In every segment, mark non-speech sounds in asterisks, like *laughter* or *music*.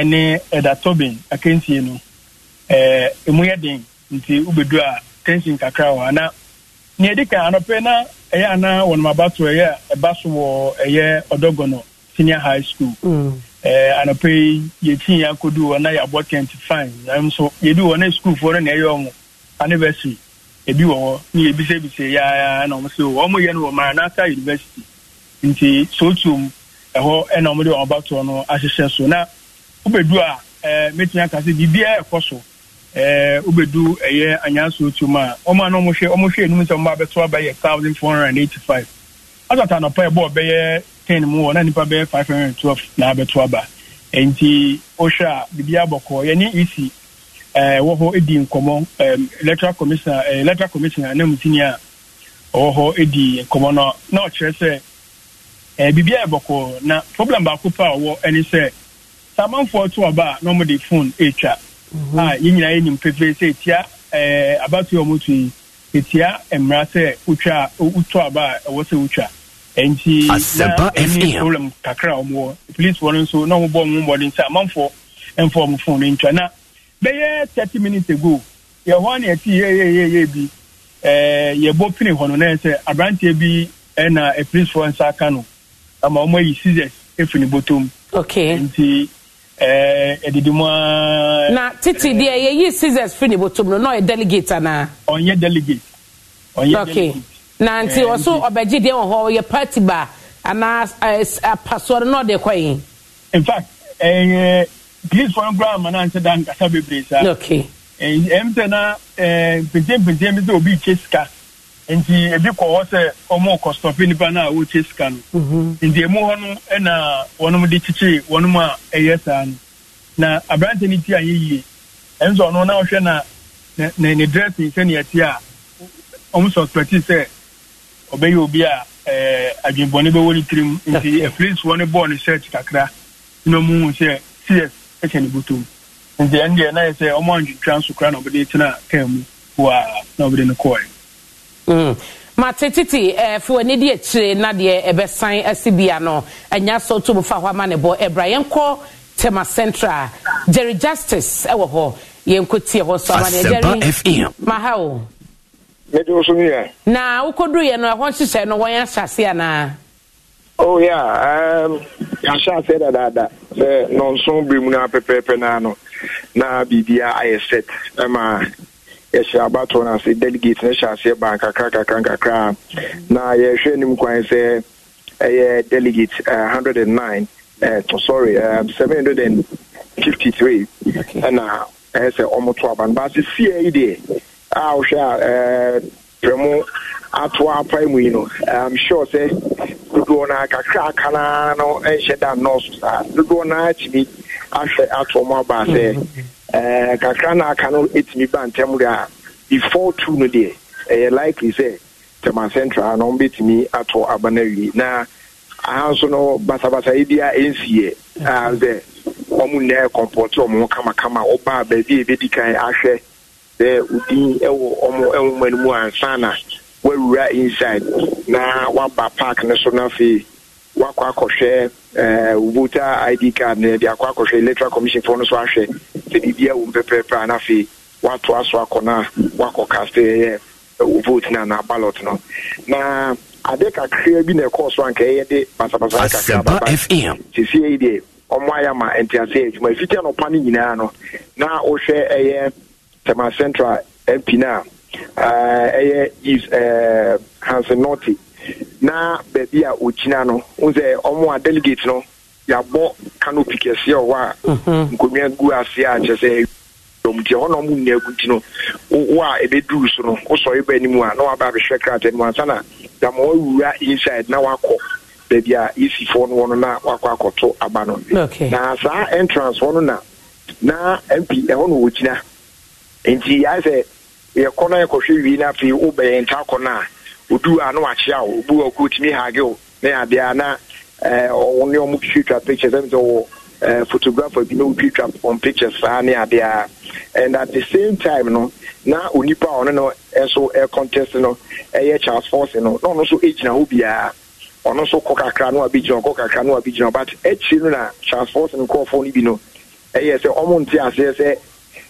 ɛne ɛda tobin akansie no ɛɛ emu yɛ den nti ubedu a tension kakra wɔ ana nea edi kan anɔpɛ na ɛyɛ ana wɔn abato ɛyɛ ɛba so wɔ ɛyɛ ɔdɔgɔnɔ senior high school mm. ɛɛ anɔpɛ yi yɛkyin yɛ akodu wɔ na yɛabɔ tent fine ɛm so yɛdi wɔ na sukuufoɔ no na ɛyɛ wɔn anniversary ebi wɔ hɔ ne yɛbisabisa yaa na wɔn so wɔn yɛ no wɔ maranatha university nti sotum ɛhɔ ɛna wɔn de wɔn abatoɔ no ahyehyɛ so na. wobedu a ɛɛ eh, mɛtumi aka sɛ biribiara ɛkɔ so eh, ɛɛ ɛyɛ anyanso otum a wɔn a na wɔhwɛ wɔhwɛ enum sɛ wɔn abɛto abɛyɛ thousand four hundred and eighty five asata ɛbɔ ɔbɛyɛ ten mu wɔ na nipa bɛyɛ five hundred and twelve na abɛto aba nti wohwɛ a biribiara bɔkɔ yɛne ec eh, hɔ commissioner electoral commissioner a ɔwɔ hɔ edi nkɔmɔ na ɔkyerɛ sɛ ɛɛ na problem baako pa saa amanfoɔ to ɔba a na ɔmo de phone etwa mhm. a ah, yɛn nyinaa yɛ nim sɛ etia ɛɛ abatoɔ to yi etia mmara sɛ wotwa wotɔ aba a ɛwɔ sɛ nti na ɛni problem kakra a wɔ no nso na ɔmo bɔ ɔmo mmɔden sɛ amanfoɔ ɛnfɔ ɔmo phone ntwa na bɛyɛ thirty minutes ago yɛ hɔ na yɛti yɛyɛyɛyɛ bi ɛɛ eh, yɛbɔ pini hɔ no na yɛ sɛ aberanteɛ bi ɛna eh, nsa ɛdidi eh, eh, aa. Eh, na titi deɛ yɛyi scissors firi ne bɔtɔm no na ɔyɛ delegate anaa. ɔnyɛ delegate ɔnyɛ delegate. okay Nanti nti ɔso ɔbɛgye deɛ wɔ hɔ ɔyɛ party ba ana apasoɔ no na ɔde kɔ yin. in fact ɛɛ police fɔlɔ nkura ama na nkyɛn da nkasa bebree saa. okay. ɛɛ ɛmu sɛ na ɛɛ mpɛnkyɛn mpɛnkyɛn bi sɛ obi kye sika. nti ebi kɔ hɔ sɛ ɔmo kɔstɔpe nipa no a wɔte sika no mhm. nti emu hɔ no na wɔnom de kyekyere wɔnom a ɛyɛ saa no na aberante ne ti anyɛ yie ɛnso ɔno na ɔhwɛ na ne ne dressing sɛnea ti a ɔmo sɔspɛti sɛ ɔbɛyɛ obi a ɛɛ adwinbɔne bɛwɔ ne tirim nti ɛfilis wɔn ne ne search kakra na ɔmo hu sɛ cs ɛhyɛ ne nti ɛn deɛ na yɛ sɛ ɔmo andwintwa nso na ɔbɛde tena kaa mu waa na ɔbɛde ne Mm. ma titi eh, fo ani di akyire na deɛ ɛbɛsan nọ bia no ɛnya sɔ to mu fa hɔ ama ne bɔ tema central jerry justice ɛwɔ hɔ yɛnkɔ tie hɔ so ama deɛ jerry ha o mɛde so no yɛ na wokɔduruiɛ no ɛhɔ nhyehyɛ no wɔn ahyɛ ase anaa oh yeah um, ya aseɛ dadaada sɛ nɔnson bere mu no apɛpɛɛpɛ naa no na biribia ayɛ set ɛma yɛhyɛ abatoɔ no ase delegate no hyɛ aseɛ ban kakra kakra nkakra na yɛhwɛ anim kwan sɛ ɛyɛ delegate uh, 109 uh, sorry eh, um, 753 ɛna ɛyɛ sɛ ɔmoto aba no baase yi a wohwɛ a eh, prɛmo atoa apae mu yi no sure sɛ dodoɔ aka no ɛnhyɛ da nnɔɔso saa dodoɔ no ahwɛ atoɔ Eh, kakra na aka no ɛtumi ba ntɛm de a before two no deɛ ɛyɛ likely sɛ tɛma central no ɔmbɛtumi atɔ aba no awie na aha nso no basabasayɛ bi a ɛnsiɛ a sɛ ɔmo nnɛ kɔmpɔte ɔmo kamakama ɔbaa baabi a ɛbɛdi kan ahwɛ sɛ odin ɛwɔ ɔmo ɛwoma no mu ansa na wawura inside na waba park no so no afei wakɔ akɔhwɛ voter eh, id card no de akɔ akɔhwɛ electoral commissionfoɔ no so ahwɛ sɛ biribia wɔ m pɛpɛɛpɛ ana afei woatoa so akɔ no a woakɔ caste ɛyɛ eh, vote no anaa ballot no na ade kakraa bi na ɛkɔɔ so anka ɛyɛ de basabasa kakra sesie eh, yi deɛ ɔmo ayɛ ma ntease adwuma ɛfiti e anɔpa no nyinaa no na wohwɛ ɛyɛ tema central mp no a ɛyɛ is hansen note na beebi a ogyina no sɛ ɔmo a delegate no yɛabɔ canopy kɛseɛ ɔwɔ a mhm. nkonnwa gu ase a kyɛ sɛ ɛhɔ na ɔmo no wo a ɛbɛduru so no wosɔre ba anim a na waba abɛhwɛ krataa ansa na dama wawura inside na wakɔ baabi a yɛsifoɔ no wɔ no na wakɔ akɔto aba no na saa entrance no na na mp ɛhɔ na nti sɛ yɛkɔ na yɛkɔhwɛ wie afei wobɛyɛ nta akɔ no a odu ano akyea o obu ɔkɔ ha hage o ne adeɛ na ɔwo eh, ne ɔmo twitwa pictures ɛmi sɛ ɔwɔ photographer bi na otwitwa ɔm pictures saa ne adeɛ and at the same time no na onipa a ɔno no ɛso air eh, contest no ɛyɛ charles force no na ɔno nso gyina hɔ biara ɔno nso kɔ kakra no a gyina ɔkɔ kakra no a gyina but akyire no na charles force no nkurɔfoɔ no bi no ɛyɛ sɛ ɔmo nte aseɛ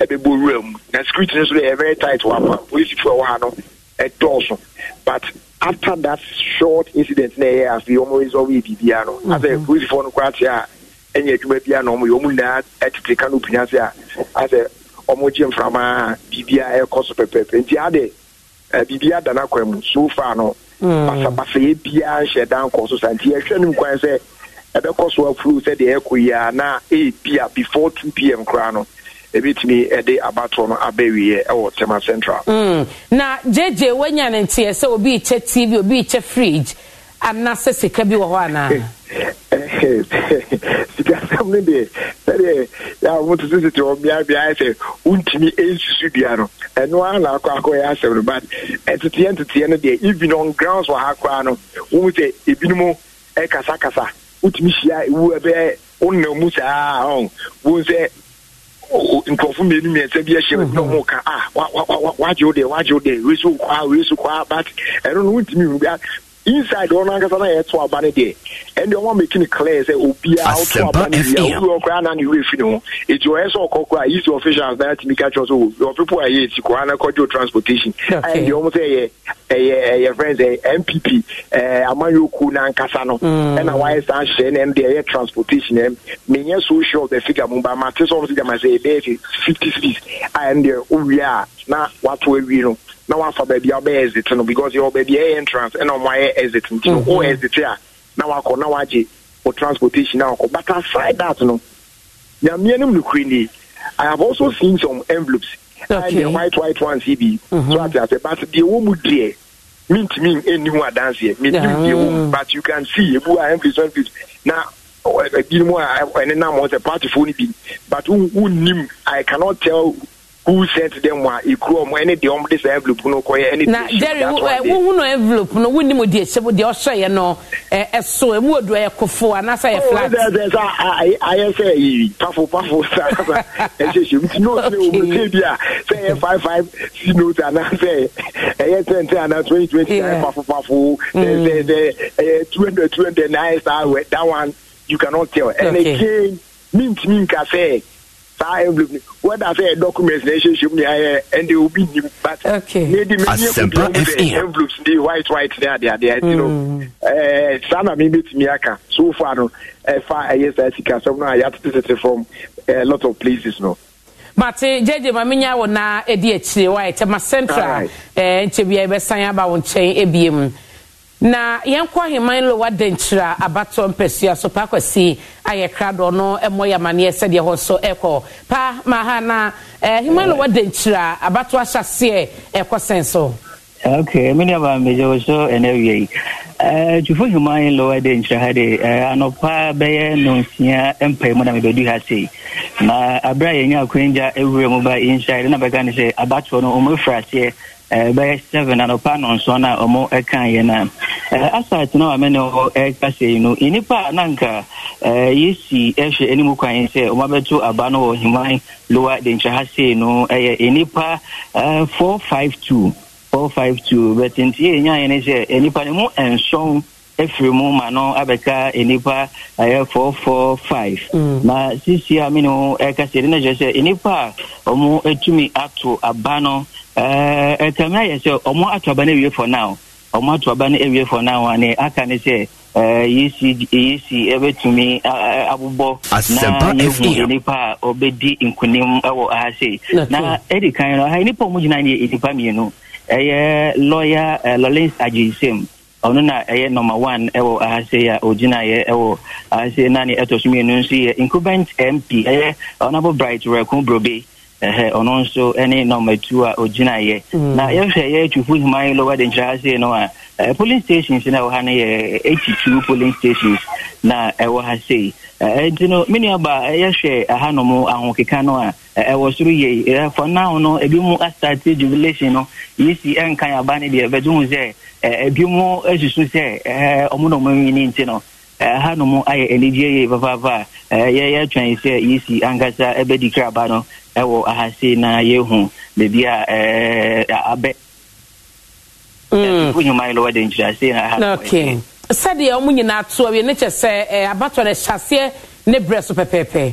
ɛbɛbɔ wura mu na security no nso yɛ e very tight wɔ apa polisifoɔ ɛwɔ ha no ɛdɔɔso e but after that short incident na ɛyɛ e afei wɔn resolve yɛ biribiara mhm. no asɛ polisifoɔ no koraa kyɛ a ɛnyɛ adwuma biara na wɔn yɛ wɔn nyinaa ɛtete canopy na ase a asɛ wɔn gye mframa a biribiara ɛkɔ so pɛpɛɛpɛ nti ade ɛɛ eh, biribiara da n'akwan mu so far no mm. basabasa yɛ biara nhyɛ dan kɔ so sa nti ɛhwɛ no mu kwan sɛ ɛbɛkɔ so afuru sɛdeɛ ɛkɔ yia na ebi a before two pm koraa no. ebitumi ɛde abatoɔ no abɛwie ɛwɔ tema central. Mm. na jeje wanya ne nteɛ sɛ obi kyɛ tv obi kyɛ fridge anasɛ sika bi wɔ hɔ anaa. *laughs* sikasɛm no deɛ sɛdeɛ tete tete sete wɔ beabeaɛ sɛ wontumi ɛnsusu dua no ɛno ara na akɔ akɔ yɛ asɛm no but ɛteteɛ nteteɛ no deɛ even on grounds wɔ ha koraa no wohu sɛ ebinom ɛkasakasa wotumi hyia wu ɛbɛyɛ wonam mu saa ɔn wohu sɛ nkurɔfo mmienu mmiɛnsa bi ahyia na mhm. ɔmo ka ah wagye wo deɛ wagye wo deɛ wei so kɔ a wei so kɔ a but ɛno no wontumi hu bi inside ọnụ ankasa na ya etu aba ne deɛ ɛnna clear sɛ obiara ɔtɔ aba ne deɛ e ɔwura ɔkura na efi ne ho eti ɔyɛ sɛ na yɛtumi ka kyerɛ pipo a yɛ esi kora na kɔjo transportation ayɛ deɛ ɔmo sɛ ɛyɛ ɛyɛ ɛyɛ friends ɛyɛ npp ɛɛ amanyɔku no mm. wayɛ hyɛ na deɛ ɛyɛ transportation ɛm so sure of the figure ba ma sɛ ɛbɛyɛ fifty six na wafa baabi a wobɛyɛ exit no because yɛwɔ baabi a ɛyɛ entrance ɛna ɔmo ayɛ exit nti no mhm. wo exit a na wakɔ na wagye wo transportation na wakɔ but aside that no nyameɛ no mu nokorɛ nie i have also seen some envelopes okay. the white white ones yi bi mhm. so ate ase but deɛ wɔ mu deɛ mint, ɛnni ho adanseɛ menim deɛ wɔ mu but you can see ebu a envelopes envelopes na ebinom a ɛnenam hɔ sɛ partyfoɔ no bi but wonnim i cannot tell who sent them wa ekuro ọmọ ẹni deɛ ɔmo de envelope no kɔ yɛ ɛni de si that one day. na jerry wo hunu envelope no wo ni mo di ehyɛ mo deɛ ɔsɔ yɛ no ɛso eh, eh, emu eh, odo yɛ kofo anasa yɛ oh, flat. ɔwɔ sɛ sɛ sɛ ayɛ sɛ yi pafo pafo sa ɛhyɛ hyɛ mu ti n'o se o mo se bi a sɛ *laughs* yɛ five five si note ana sɛ ɛyɛ ten ten ana twenty twenty nine pafo pafo sɛ sɛ sɛ ɛyɛ two hundred two hundred nine star that one you cannot tell. ɛnɛ kee mint mint ka sɛ saa envelope ni whether say documents na ehyehyɛ mu ni ayɛ ɛnde obi nim but ne di mɛ nye obi ɔmu sɛ envelopes ni white white ne adeadeɛ ɛti no ɛɛ saa na mi aka so far no ɛfa ɛyɛ saa sika sɛm no a yɛatete tete from a lot of places no. bate eh, gyegye ma menya wo na ɛdi akyire wayɛ eh, tɛma central eh, nkyɛ bia yɛbɛsan aba wo nkyɛn ebiem. na yɛnkɔ ahemman lowa denkyerɛ abatɔ mpasua so paa kwasi ayɛ kradɔ no mmɔ yɛ amanneɛ sɛdeɛ hɔ ɛkɔ ma ha na eh, ahemman eh. lowa dị abatɔ ahyɛseɛ ɛkɔ sɛn so ok mene aba mmegye wo so ɛna yi eh, lowa ha de anɔpa bɛyɛ nonsia mpae mu na mebɛdu ha sei na aberɛ a yɛnya akwangya mu ba na bɛka ne sɛ abatoɔ no Eh, bɛyɛ seven anɔpa nɔnson na ɔmo ɛka yɛ na eh, asat na wame ne wɔ ɛka sɛ no nnipa a nanka eh, yɛsi ɛhwɛ anim kwan sɛ ɔmo abɛto aba no wɔ himan lowa dentwaha sei no ɛyɛ nnipa four five two four five two bɛtenti yɛnyaeɛ ne sɛ nnipa no mu nson efiri mu ma no abɛka nipa ɛyɛ four four five. Mm. na sisi a mi ni ho ɛka na kyerɛ sɛ nipa a wɔn atumi ato aba no ɛɛ ɛka mi ayɛ sɛ wɔn ato aba no ewie for now wɔn ato aba no ewie for now ani aka ne sɛ yesi yesi ɛbɛtumi abobɔ na yehu nipa a ɔbɛdi nkunim ɛwɔ aha sei na ɛdi kan no ha nipa a wɔn gyina yɛ nipa mmienu ɛyɛ lɔya ɛɛ lɔlɛnsi ɔno na ɛyɛ number one ɛwɔ ahase a ogyinaeɛ ɛwɔ ahase na ne ɛtɔ so mmienu nso yɛ incumbent mp ɛyɛ ɔnabo bright rɛko brobe ɛhɛ ɔno nso ɛne number two a ogyinaeɛ mm. na yɛhwɛ yɛ twufo himan lower de nkyerɛ ahase no a ɛɛ polling stations na ɛwɔ ha no yɛ eighty two polling stations na ɛwɔ ha sei ɛɛ nti no menua ba yɛhwɛ ahanom ahokeka no a. ɛwɔ eh, eh, soro yie eh, for now no ebi mu asate jubilation no yisi nka yaba ne deɛ bɛtum sɛ ebi mu esusu sɛ ɛɛ ɔmo na ɔmo nwi ne nti no ha nom ayɛ anigye yie papaapa yɛ twɛn sɛ si ankasa ɛbɛdi kraba no ɛwɔ ahase na yɛ yɛhu beebi a abɛ. Mm. nyuma yi lɔwɔ de nkyerɛ ase na ah, ha. sɛdeɛ ɔmo nyinaa to awie ne kyɛ sɛ abatɔ no hyɛ aseɛ ne brɛ so pɛpɛɛpɛ.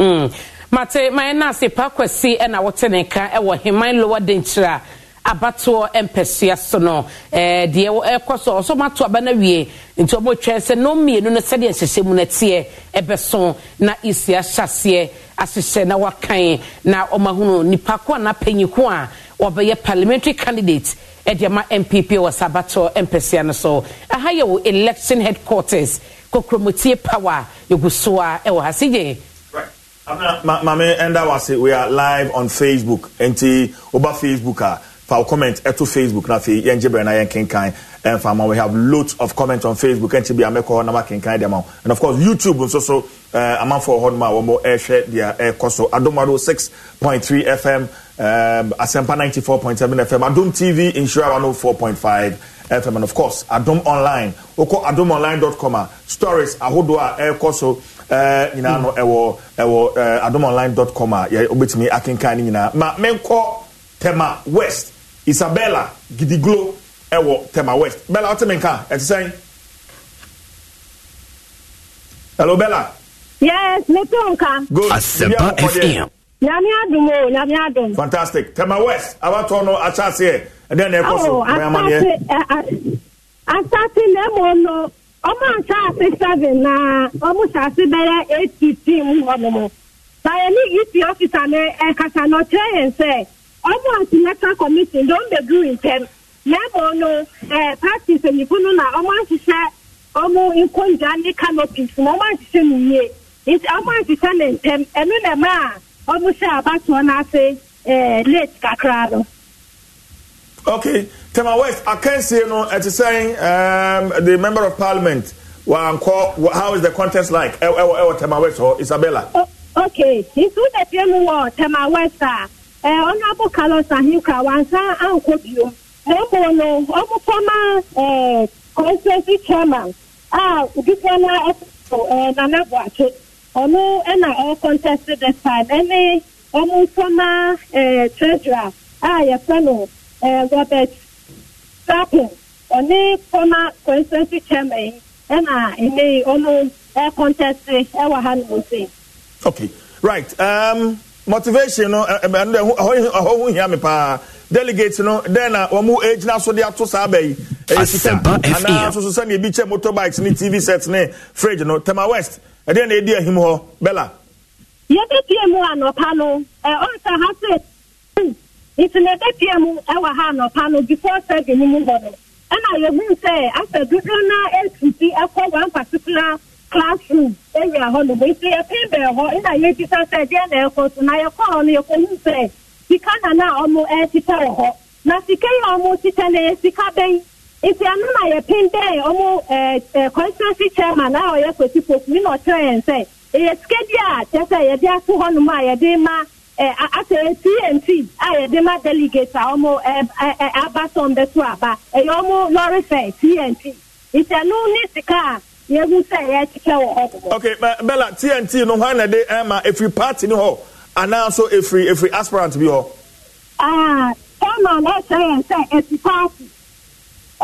Mm. mate man eh, eh, na ase pa kwasi na wɔte ne ka wɔ heman lower denkyerɛ a abatoɔ mpɛsua so no deɛ ɛkɔ so ɔsɔ mato aba no awie nti ɔmɔtwɛn sɛ no mmienu no sɛdeɛ nhyehyɛ mu no ɛbɛso na esi ahyɛseɛ ahyehyɛ na wakan na ɔmahunu nipa ko a napanyi ko a wɔbɛyɛ parliamentary candidate ɛde eh, ama npp wɔ sɛ abatoɔ mpɛsua no so aha yɛ wɔ election headquarters kokuromotie power yɛgu so a ɛwɔ ha se maame ɛnda wase we are live on facebook nti woba facebook ah, a fa comment ɛto facebook na fi yɛngye berɛ na yɛnkenkan ɛmfa ma we have lots of comment on facebook nti bi amɛkɔ hɔ na makenkan dɛm a and of course youtube nso so eh, amanfoɔ hɔ nom a wɔmɔ ɛhwɛ eh, deɛ eh, ɛkɔ so adomado three fm Asempa ninety four point seven fm adom tv oh four point five fm and of course adom online wokɔ adomonline.com a ah. stories ahodoɔ a ɛrekɔ so Eh, nyinaa no ɛwɔ ɛwɔ eh, com a yɛ obetumi akenkan ne nyinaa ma menkɔ tema west isabella gidiglo ɛwɔ tema west bella ɔte mi nka ɛte sɛn hello bella. yes me tó nka. good asepa fm. nyame adum o nyame adum. fantastic tema west abatɔ no akyase yɛ ɛdɛn na ɛkɔ so mɛ amaniɛ. asase eh, asase na emu no. ọmụ nta asị seven na ọmụ asị bere ATT m ọmụmụ bayani ep ọfisa na ẹkasa e na ọkyerɛ nse ọmụ nata kọmitin dɔm bedu ntɛm na ɛmụ no ɛɛ eh, paati mpanyinfo na ọmụ ahyehyɛ ọmụ nkonnwa ne canopies na ọmụ ahyehyɛ no yie ọmụ na a ọmụ hyɛ eh, late kakra okay tema west akansie no ɛte sɛn um, the member of parliament wankɔ how is the contest like ɛwɔ ɛwɔ tema west hɔ isabella. Oh, okay nsu na fie mu wɔ tema west a ɛɛ ɔnabɔ carlos ahimka wansan ankɔ biom na mbɔ no ɔmo former ɛɛ eh, constituency chairman a ah, dukɔ na ɛfɔ eh, ɛɛ nana buakye ɔno ɛna ɔkɔntɛst eh, this time ɛne ɔmo former ɛɛ treasurer a ah, yɛfɛ no. robert strapping ɔne former constituency chairman ɛna ɛnɛ ɔno air contest ɛwɔ ha nom se okay right um, motivation no ɛno dɛ ɛhɔ ho hia me paa delegate no dɛn na wɔn gyina so de ato saa bɛyi ɛyɛ sika anaa soso sɛnea ebi kyɛ motorbikes ni tv set ne fridge no tema west ɛdeɛ na edi ahim hɔ bella. yɛbɛpie mu anɔpa no ɛ ɔnsa ha se nti na ebepie mu ɛwɔ ha anɔpa no before seven mu hɔ no ɛna yehu sɛ dodo na esisi ɛkɔ particular classroom area hɔ nti bɛn hɔ ɛna yɛbisa sɛ deɛ na ɛkɔ so na yɛkɔ hɔ no sɛ na na ɔmo na sika yi a ɔmo titɛ na yɛ sika bɛn nti na yɛpem bɛn ɔmo ɛɛ ɛɛ constituency chairman a ɔyɛ kwesi na ɔkyerɛ yɛn sɛ ɛyɛ sika a kyerɛ sɛ yɛde ato hɔ nom a yɛde ma. asɛ eh, tnt a e, delegate a ɔmo aba sɔn aba ɛyɛ ɔmo lɔri fɛ tnt ìtẹnu ní sika a yẹmu sɛ yɛkyekyɛ wɔ hɔ. ok bella tnt no hwan na de ɛma eh, efiri party ni hɔ anaasɔ efiri efiri aspirant bi hɔ. aa chairman ɛsɛ yɛn sɛ efiri party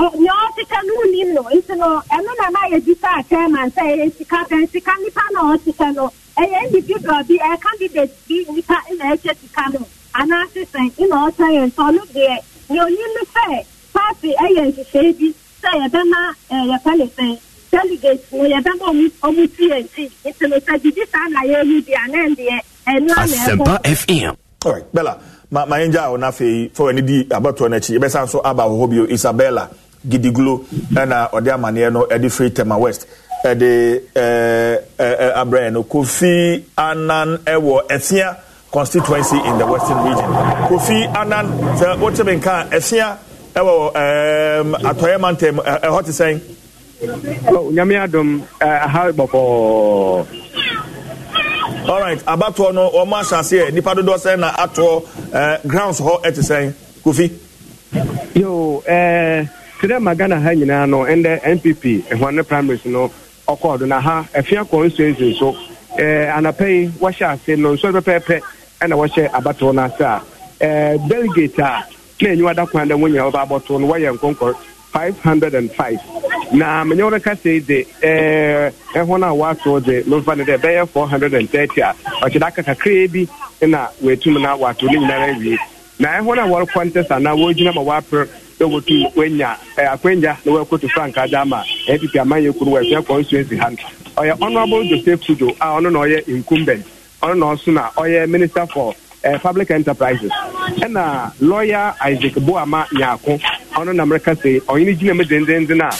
nea ɔkeka no nim no nti no ɛno na na yɛdi sa chairman sɛ ɛyɛ sika bɛn sika nipa na ɔkeka no ɛyɛ individual bi ɛyɛ candidate bi nipa na ɛkyɛ sika no anaasɛ sɛn na ɔkyɛ yɛn nso ɔno deɛ nea onim no sɛ paati ɛyɛ nhyehyɛe bi sɛ yɛbɛma ɛyɛ pɛlɛ sɛn delegate no yɛbɛma ɔmo ɔmo ti yɛn ti nti no sɛ didi saa na yɛ yi deɛ anan deɛ ɛnu ana ɛkɔ. Asɛmpa FM. Alright Bella ma ma yɛn gya a ɔna afei fɔwɔ ni di abatoɔ n'akyi yɛbɛsa nso aba ahɔhɔ bio Isabella gidiglo ɛna ɔde amaneɛ no ɛde firi tema west ɛde ɛɛ ɛɛ abrɛ no kofi anan ɛwɔ ɛsia constituency in the western region kofi anan sɛ wote mi nka ɛsia ɛwɔ ɛɛm atɔyɛ mantam ɛhɔ te sɛn. Oh, nyame adom aha bɔkɔɔ. alright abatoɔ no wɔn ahyɛ aseɛ nipa dodoɔ sɛn na atoɔ ɛɛ grounds hɔ ɛte sɛn kofi. yoo ɛɛ. Uh kyerɛ ma ghana ha nyinaa no ɛndɛ npp ɛhɔne primaries no ɔkɔɔ do na ha ɛfia constituency nso ɛɛ eh, anapa yi wɔhyɛ ase no nso pɛpɛɛpɛ ɛna wɔhyɛ abatoɔ no a ɛɛ eh, delegate ah, a na enyiwa da kwan dɛ wɔn nyinaa ɔba abɔto no wɔyɛ nkonkɔ five hundred and five na menye wɔn kasa yi de ɛɛ ɛhɔn a 430 de mefa ne dɛ ɛbɛyɛ four hundred and thirty ah, a ɔkyerɛ aka kakraa bi ɛna wɔatum na wɔato ne nyinaa awie na ɛhɔn a wɔrekɔ na wɔgyina ah, ma yɛwɔtu wanya akwanya na wɔakoto frankaa frank ama npp amanyɛ kuro wɔ afia constituency ha ɔyɛ honorable joseph kudo a ɔno na ɔyɛ incumbent ɔno na ɔso na ɔyɛ minista for eh, public enterprises ɛna e lawyer isaac boama nyaako ɔno na mmerɛka se ɔyene gyina mu dendenden a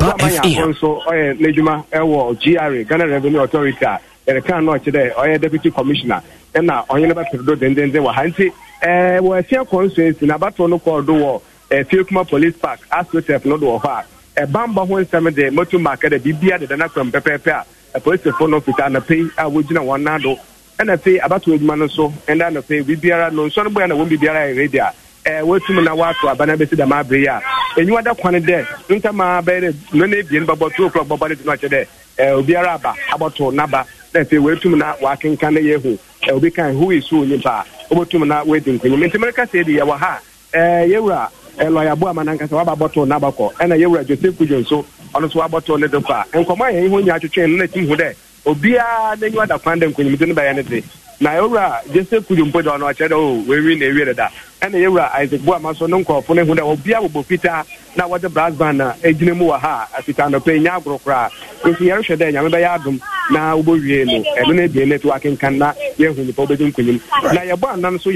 boama nyaako nso ɔyɛ n'adwuma ɛwɔ gra ghana revenue authority a yɛrekaa na ɔkyɛ dɛ ɔyɛ deputy commissioner e na ɛna ɔyene bɛperedo dendenden wɔ ha nti ɛɛ wɔ afia constituency na abatoɔ no kɔɔ do wɔ efie kuma police park asosef no e e do wɔ e hɔ a ɛbamba ho nsɛm de motor market. de biribia deda no akɔm pɛpɛɛpɛ a police apolisifo no fita anɔpɛ a wɔgyina wɔn nan do ɛna afei abato adwuma no so ɛna anɔpɛ biribiara no nsɔ no bɔyɛ na wɔn biribiara yɛ ready a ɛɛ wɔatum na wɔato abana bɛsi dɛm abere yi a enyiwa da kwan dɛ ntama bɛyɛ dɛ nnɔn ebien bɛbɔ two o'clock bɛbɔ ne ti na ɔkyɛ dɛ ɛɛ obiara aba abɔto n'aba na afei wɔatum na wɔakenkan ne yɛ hu ɛɛ obi kan who is who nipa a wɔbɛtum na wɔadi nkunim nti mɛrika sɛ ɛdi yɛ wɔ ha ɛɛ yɛwura lɔya bu ama nankasa waba bɔtɔ n'abakɔ ɛna yewura joseph kujo nso ɔno nso wabɔtɔ ne do a nkɔmɔ yɛn ho nya atwitwe no na tim ho dɛ obiara n'enyiwa da kwan dɛ nkonyimdi no bɛyɛ ne de na yewura joseph kujo mpo dɛ ɔno ɔkyerɛ dɛ o wewi na ewie ɛna isaac ama nso ne nkɔɔfo ne dɛ obiara bobɔ fitaa na wɔde brass band na egyina mu ha fitaa n'ofe nye nya agorɔ koraa nso yɛrehwɛ dɛ nyame bɛyɛ adum na wobɛwie no ɛno no ebien akenkan na yɛhu nipa nkonyim na yɛbɔ anan nso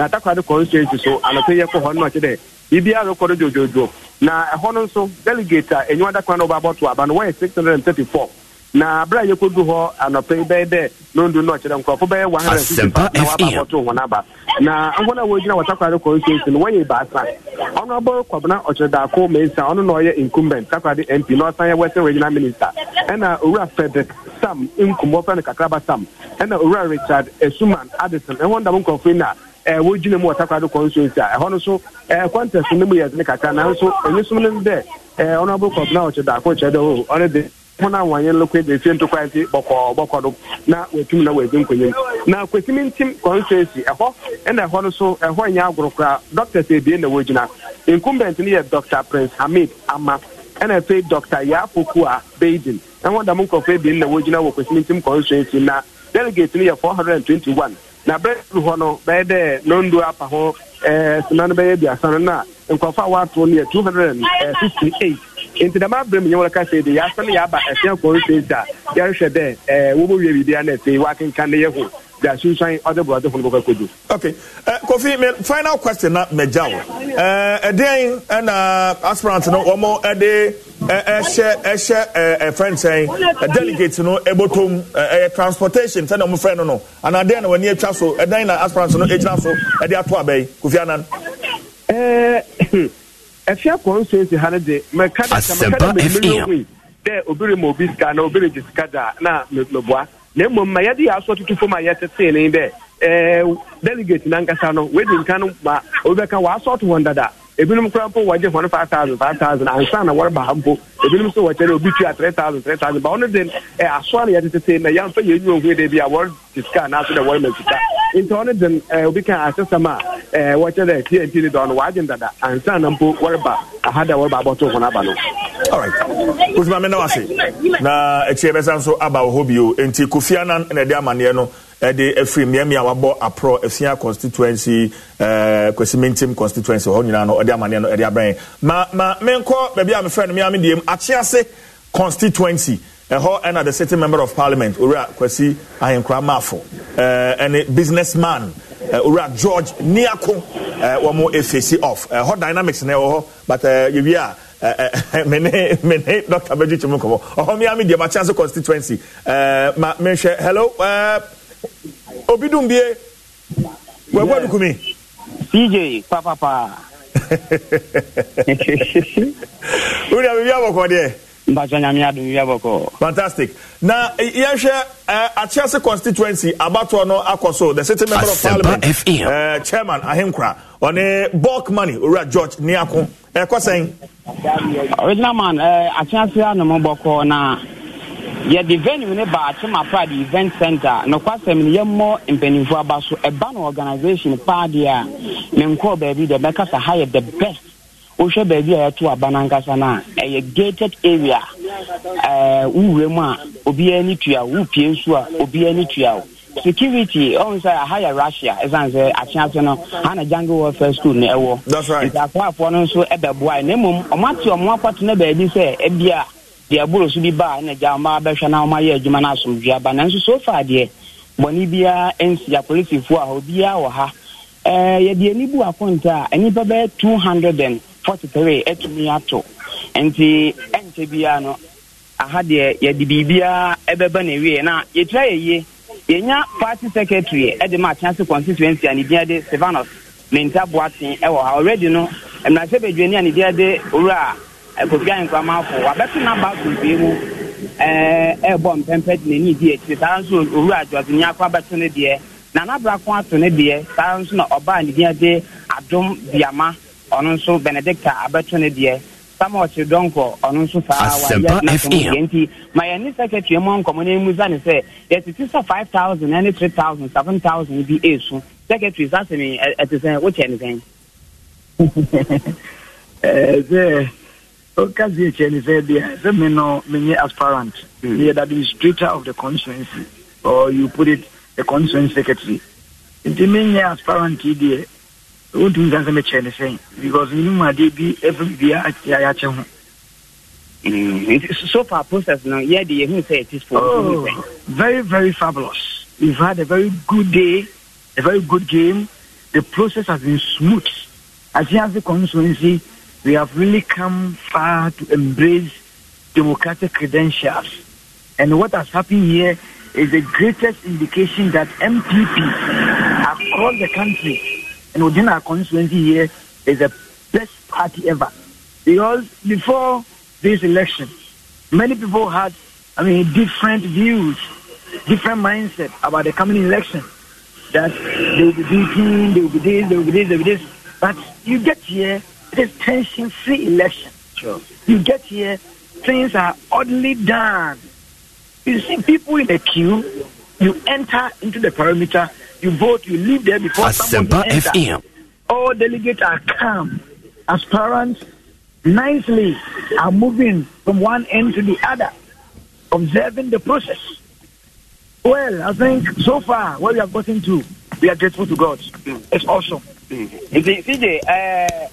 na atakwado constituency so anọpụ ihe kụ hɔ nnọọ kyerɛ dɛ biribiara rekɔdo na ɛhɔ no nso delegate a enyiwa na ɔba abɔto aba no wɔyɛ six hundred and thirty four na abira yɛ kodu hɔ anɔpɛ bɛyɛ dɛ nondu nnọọ bɛyɛ one hundred and na wɔaba abɔto wɔn aba na ahɔn a wɔgyina wɔtakwado constituency no wɔyɛ baasa ɔno abɔ kwabena ɔkyerɛdaako ɔno na ɔyɛ incumbent takwado mp na ɔsan yɛ ɛna owura sam sam ɛna owura richard esuman addison ɛhɔn dam Eh, wogyina mu wɔtakrado a ɛhɔ no so eh, contest no mu yɛ dene kakra nanso ɛni som no dɛ ɔnable eh, kɔpena ɔkyɛ daako kyerɛ dɛ oh, o de ho no no bɛfie ntokwa nti do na watumi na wɔadi nkonyam na kwasimi ntim constituency ɛhɔ ɛna ɛhɔ no so ɛhɔ nyɛ na wɔgyina incumbent no yɛ dr prince hamid ama ɛna afei dr yaafoku a beijing ɛhɔ dam na wɔgyina wɔ kwasimi ntim na delegate no na breakthrough hɔ no bɛyɛ dɛ nondo apa ho eh, sena no bɛyɛ aduasa no na nkurɔfoɔ a wɔato no yɛ two hundred and eh, fifty eight nti dɛm abere mu nyɛ wɔn kasa de yɛasɛn yɛaba ɛsɛn kɔn stage a yɛrehwɛ dɛ eh, wɔbɛwie biribiara na afei wɔakenkan ne yɛ ho da sunsan ɔde bɔ ɔde funu bɔ kɔdu. okay kofi mi final question na mɛ ɛdɛn ɛna aspirant no wɔn ɛde. ɛhyɛ ɛhyɛ ɛfɛn sɛn delegate no ɛbɔtɔm ɛyɛ transportation sɛdeɛ ɔmo fɛn no no anadeɛ na wɔn atwa so ɛdan na aspirant no egyina so ɛde ato abɛyi kofi anan. ɛɛ ɛfi akɔnsensi ha ne de mɛ kada mɛ kada mɛ million wei dɛ obi re ma obi sika na obi re gye sika da na mɛ bua na emu mma yɛde yɛ aso tutu fam a yɛ tete ne dɛ ɛɛ delegate nankasa no wei di no ma obi bɛka wɔasɔɔto wɔn dada. ebinom kora mpo wɔgye hɔn five thousand five thousand ansa na wɔreba ha mpo ebinom nso wɔkyerɛ obi tua three thousand three thousand ba ɔno de ɛ asoa na yɛde tete na yɛmfa yɛn nwi ohun de bi a wɔregye sika anaaso dɛ wɔrema sika nti ɔno de ɛ obi kan asesam a ɛ wɔkyerɛ dɛ tnt ne dɔn no wɔagye dada ansa na mpo wɔreba aha dɛ wɔreba abɔto hɔn aba no. alright osuma mi na wase na ekyir bɛsa nso aba wɔ hɔ bio nti kofi anan na ɛde amaneɛ no ɛde afiri mmiami a wabɔ aprɔ afia constituency ɛɛ kwesimintim constituency hɔ nyinaa no ɔde amaneɛ no ɛde abɛn ma ma menkɔ baabi a mefrɛ no mmiami deɛ mu akyease constituency ɛhɔ ɛna the sitting member of parliament owura kwesi ahenkura maafo ɛɛ ɛne businessman ɛɛ owura george niako ɛɛ wɔn efesi off ɛhɔ dynamics na ɛwɔ hɔ but ɛɛ yewia a *laughs* mene mene dr bɛdwi kyemu kɔmɔ ɔhɔ mmiami deɛ ma akyease constituency ɛɛ ma mehwɛ hello ɛɛ. Uh, obi dum bie wɛbɔ dukumi. cj papapa. wúni àmì bí abọ̀kọ̀ díẹ̀. mpàtó nyàmí adùn bí abọ̀kọ̀. fantastic na yẹn hwẹ eh, akyase constituency abatoɔ no akɔ the city member of parliament uh, chairman ahenkura ɔne eh, bulk money owura george niako ɛkɔ sɛn. original man akyase anum bɔkɔ na. yɛde venue ne baakye maprade event center nokwasɛm no yɛmmɔ mpanimfoɔ aba so ɛba no organisation paa deɛ a menkɔɔ baabi deɛ mɛkasa ha yɛ the best wohwɛ baabi a yɛto aba no no a ɛyɛ gated area wowura mu a obiara ne tua wo wopie nso a obiara ne tua wo security ɔn sɛ aha yɛ russia ɛsiane sɛ akyease no ha na jungle warfare school no ɛwɔ nti akoafoɔ no nso ɛbɛboae na mmom ɔmo ate ɔmo akɔtena baabi sɛ ebia deɛ aburo so bi baa na gya ɔma bɛhwɛ na ɔma yɛ adwuma no asomdwe aba nanso so far deɛ bɔne biara nsi apolisifoɔ a obiara wɔ ha eh, yɛde ani bu akonta a nnipa bɛyɛ two hundred and forty three atumi ato nti ɛnkyɛ biara no aha deɛ yɛde biribiara ɛbɛba na ewie na yɛtira yɛyie yɛnya party secretary ɛde ma akyɛnse constituency a ne din de sivanos menta boaten ɛwɔ ha already no mmerante badwani a ne din de owura a kofi ayankuramafo wabɛto n'aba kunfie mu ɛɛ eh, ɛɛbɔ mpɛmpɛ di n'ani di akyire saa nso owura adwadi ni akɔ ne deɛ na ato ne deɛ saa nso na ɔbaa ne deɛ de adom biama ɔno nso benedicta abɛto ne deɛ samuel chidonko ɔno nso saa wayɛ n'asomdwe nti ma yɛn ne secretary mu nkɔmɔ na emu zane sɛ yɛtete sɛ five thousand ɛne three thousand seven thousand bi esu secretary sasemi ɛte sɛ wokyɛ ɛɛ *laughs* eh, sɛ kasi ekyɛ ne sɛ bia sɛ me no menyɛ aspirant hmm. meyɛ the administrator of the constituency or you put it the constituency secretary nti menyɛ aspirant yi deɛ wontumi sa sɛ mekyɛ ne sɛn because menim adeɛ bi ɛfa bibia yɛakyɛ ho so far process no yɛde yɛhu sɛ it is for oh, very very fabulous we've had a very good day a very good game the process has been smooth asease constituency we have really come far to embrace democratic credentials. And what has happened here is the greatest indication that MPP across the country and within our constituency here is the best party ever. Because before this election, many people had, I mean, different views, different mindset about the coming election. That they will be beating, they will be this, they will be this, they will be this. But you get here it is tension free election. Sure. You get here, things are oddly done. You see people in a queue, you enter into the perimeter, you vote, you leave there before Asemba someone FM. All delegates are calm. parents, nicely are moving from one end to the other, observing the process. Well, I think so far what we have gotten to, we are grateful to God. It's awesome. Mm. Mm-hmm. CJ, uh,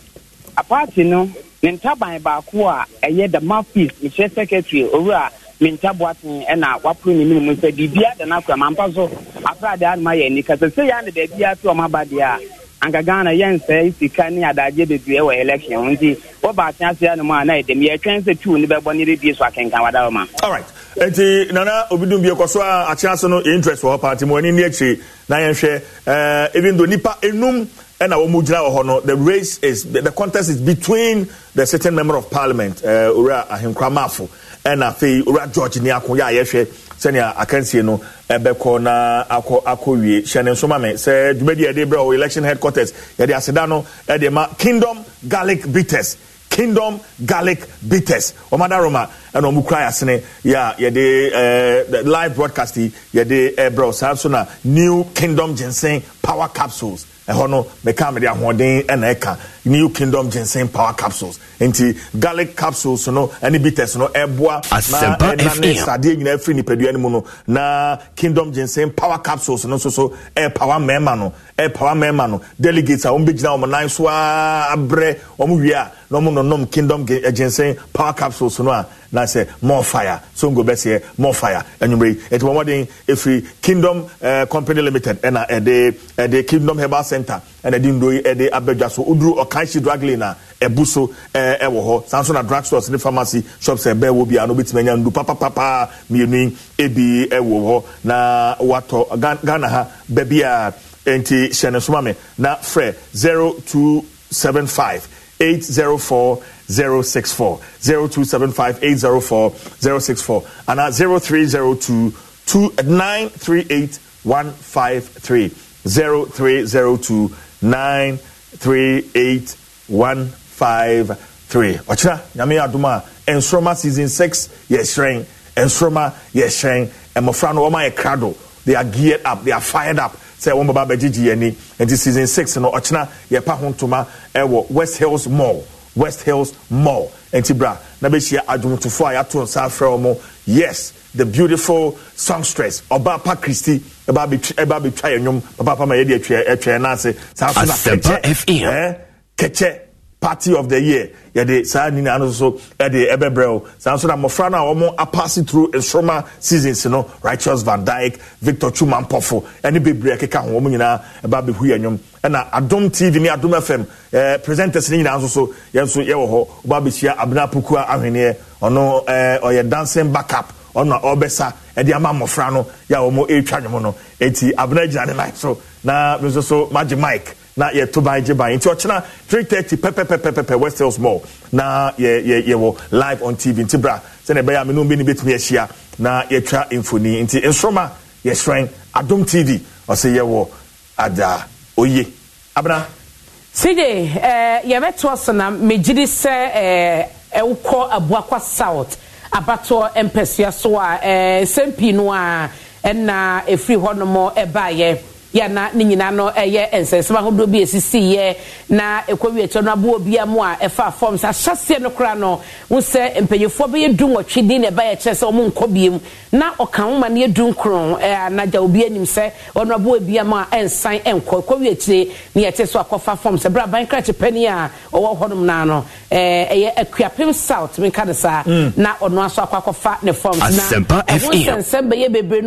apaati no ne ntaban baako a ɛyɛ the mouthpiece mekyerɛ secretary owura me ntaboaten ɛna waporo ne nimu sɛ biribia da no akora mampa so afraade anoma yɛ ani kasa sɛ yɛa ne baabia sɛ ɔma ba deɛ a anka ghana yɛnsɛe sika ne adagyeɛ bebree wɔ election ho nti wɔba ase ase ano mu a na ɛdɛm yɛtwɛn sɛ tuo ne bɛbɔ ne bɛbie so akenkan wada ɔma alright nti nana obidum bi ɛkɔ a akyena so no interest wɔ hɔ paa nti ma w'ani ne akyiri na yɛnhwɛ eh, even though nipa enum ɛna wɔn gyina wɔ hɔ no the race is the, the contest is between the certain member of parliament uh, owura ahenkramaafo ɛna afei owura george niako yɛ a yɛhwɛ sɛnea akansie no ɛbɛkɔ na akɔ akɔ wie hyɛne nso ma me sɛ dwumadi a yɛde brɛ wɔ election headquarters yɛde aseda no ɛde ma kingdom garlic bitters kingdom garlic bitters Roma. ɛna ɔmo kura yasene yɛ a yɛde ɛɛ eh, live broadcast yi yɛde ɛbrɛ wɔ saa nso na new kingdom ginseng power capsules ɛhɔ no mɛka mɛde ahoɔden ɛna ɛka new kingdom ginseng power capsules nti garlic capsules no ɛne bitters no ɛboa na ɛna sadeɛ nyinaa firi nipadua no mu no na kingdom ginseng power capsules no nso so ɛɛpawa mɛɛma no ɛɛpawa mɛɛma no delegates a wɔn bɛgyina wɔn nan so aa abrɛ wɔn wie a na ɔmo nonom kingdom agyinsen power capsules no a na sɛ more fire so go bɛsɛ more fire anwumere eti wɔn wɔden efiri kingdom uh, company limited ɛna ɛde ɛde kingdom herbal center ɛna ɛde ndo yi ɛde abɛdwa so oduru ɔkanhyi drug lane a ɛbu so ɛɛ eh, ɛwɔ hɔ sanso na drug stores ne pharmacy shops ɛbɛn wɔ bi a n'obetumi anya ndu papapapa mmienu ebi ɛwɔ hɔ na watɔ ghana ha baabi a nti hyɛn ne mi na frɛ zero two seven five. 804 064 0275 804 064 and at 0302 938 153 0302 938 153 ɔkyerɛ nyame adom a nsoroma season 6 yɛ hyerɛn nsoroma yɛ hyerɛn mmɔfra no wɔma yɛ krado they are geared up they are fired up sɛ wɔn baba abɛgyegye yɛn ni nti season six no ɔkyena yɛpa ho ntoma ɛwɔ west hills mall west hills mall nti bra na bɛhyia adwomtofoɔ a yɛato nsa afrɛ wɔn yes the beautiful songstress ɔbaa pa kristi ɛba abɛtwa yɛn nwom papaapa ma yɛde atwa yɛn nan ase saa afɔ na kɛkyɛ ɛɛ kɛkyɛ party of the year yɛde saa ni naano so ɛde ɛbɛbrɛ o saa nso na mmɔfra no a wɔn apaase through nsoroma seasons no righteous van dyke victor chuma mpɔfo ɛne bebree ɛkeka ho wɔn nyinaa ɛba abɛhu yɛn nwom ɛna adom tv ne adom fm ɛɛ presenters ne nyinaa nso so yɛn nso yɛwɔ hɔ ɔba abɛhyia abena pokua ahweneɛ ɔno ɛɛ ɔyɛ dancing backup ɔno a ɔbɛsa ɛde ama mmɔfra no yɛ a wɔn ɛretwa nwom no eti abena gyina ne nan so na nso so magic mike na yɛto ban gye ban nti ɔkyena 330 pɛpɛpɛpɛpɛ west hills mall na yɛwɔ live on tv nti bra sɛne ɛbɛyɛ amenu me ne ombɛni bɛtumi ahyia na yɛtwa mfoni nti nsoroma yɛhyerɛn adom tv ɔsɛ yɛwɔ ada oye abena sɛgye eh, yɛbɛtoɔ so na megyedi sɛ eh, ɛwokɔ aboakwa south abatoɔ mpɛsua so a eh, sɛm pii no a ɛna ɛfiri hɔ nom ɛbaeɛ yana ne nyinaa no eh, yɛ nsɛnsɛm eh, ahodoɔ bi esisi yɛ na ekowie kyɛ no aboɔ bi mu a ɛfa fam sɛ ahyɛseɛ no kora no wosɛ mpanyinfoɔ bɛyɛ du nwɔtwe din na ɛbɛyɛ kyerɛ sɛ wɔn nkɔ biem na ɔka nwoma no yɛ du nkron ɛɛ eh, anagya obi anim sɛ wɔn aboɔ bi mu a ɛnsan ɛnkɔ ekowie kyire ne yɛte so akɔfa fam sɛ braba nkrakye panyin a ɔwɔ hɔnom naa no ɛɛ ɛyɛ akuapem south mi ka mm. na ɔno aso akɔ akɔfa ne fam na ɛho nsɛnsɛm bɛyɛ bebree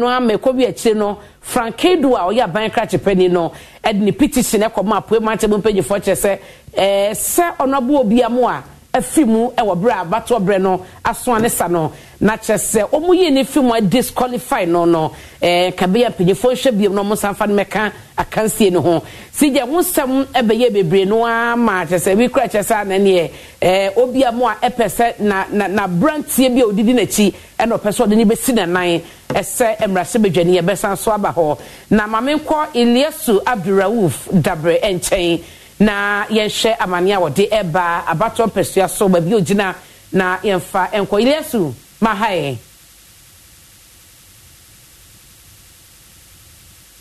no no frankedo a ɔyɛ aban krakye panyin no ɛde ne petition ɛkɔma apoema ntɛm mpanyinfoɔ kyerɛ sɛ ɛɛ sɛ ɔno aboɔ bi amu a afi mu ɛwɔ berɛ a abatoɔ berɛ no asoa ne sa no na kyerɛ sɛ wɔn yi ne fi mu disqualify no no ɛɛ kabeya mpanyinfoɔ nhwɛ biem na wɔn san fa no mɛka akansie ne ho si gya ho nsɛm ɛbɛyɛ bebree no ara ma kyerɛ sɛ ebi kura kyerɛ sɛ ananeɛ ɛɛ obi amu a ɛpɛ sɛ na na na aberanteɛ bi a odidi n'akyi ɛna ɔpɛ sɛ ɛsɛ mmarahyɛbadwani yɛbɛsan so aba hɔ na maame nkɔ eliasu abdulrauf dabere ɛnkyɛn na yɛnhyɛ amanneɛ a wɔde ɛba abatɔ pɛsua so baabi ogyina na yɛmfa nkɔ eliasu mahae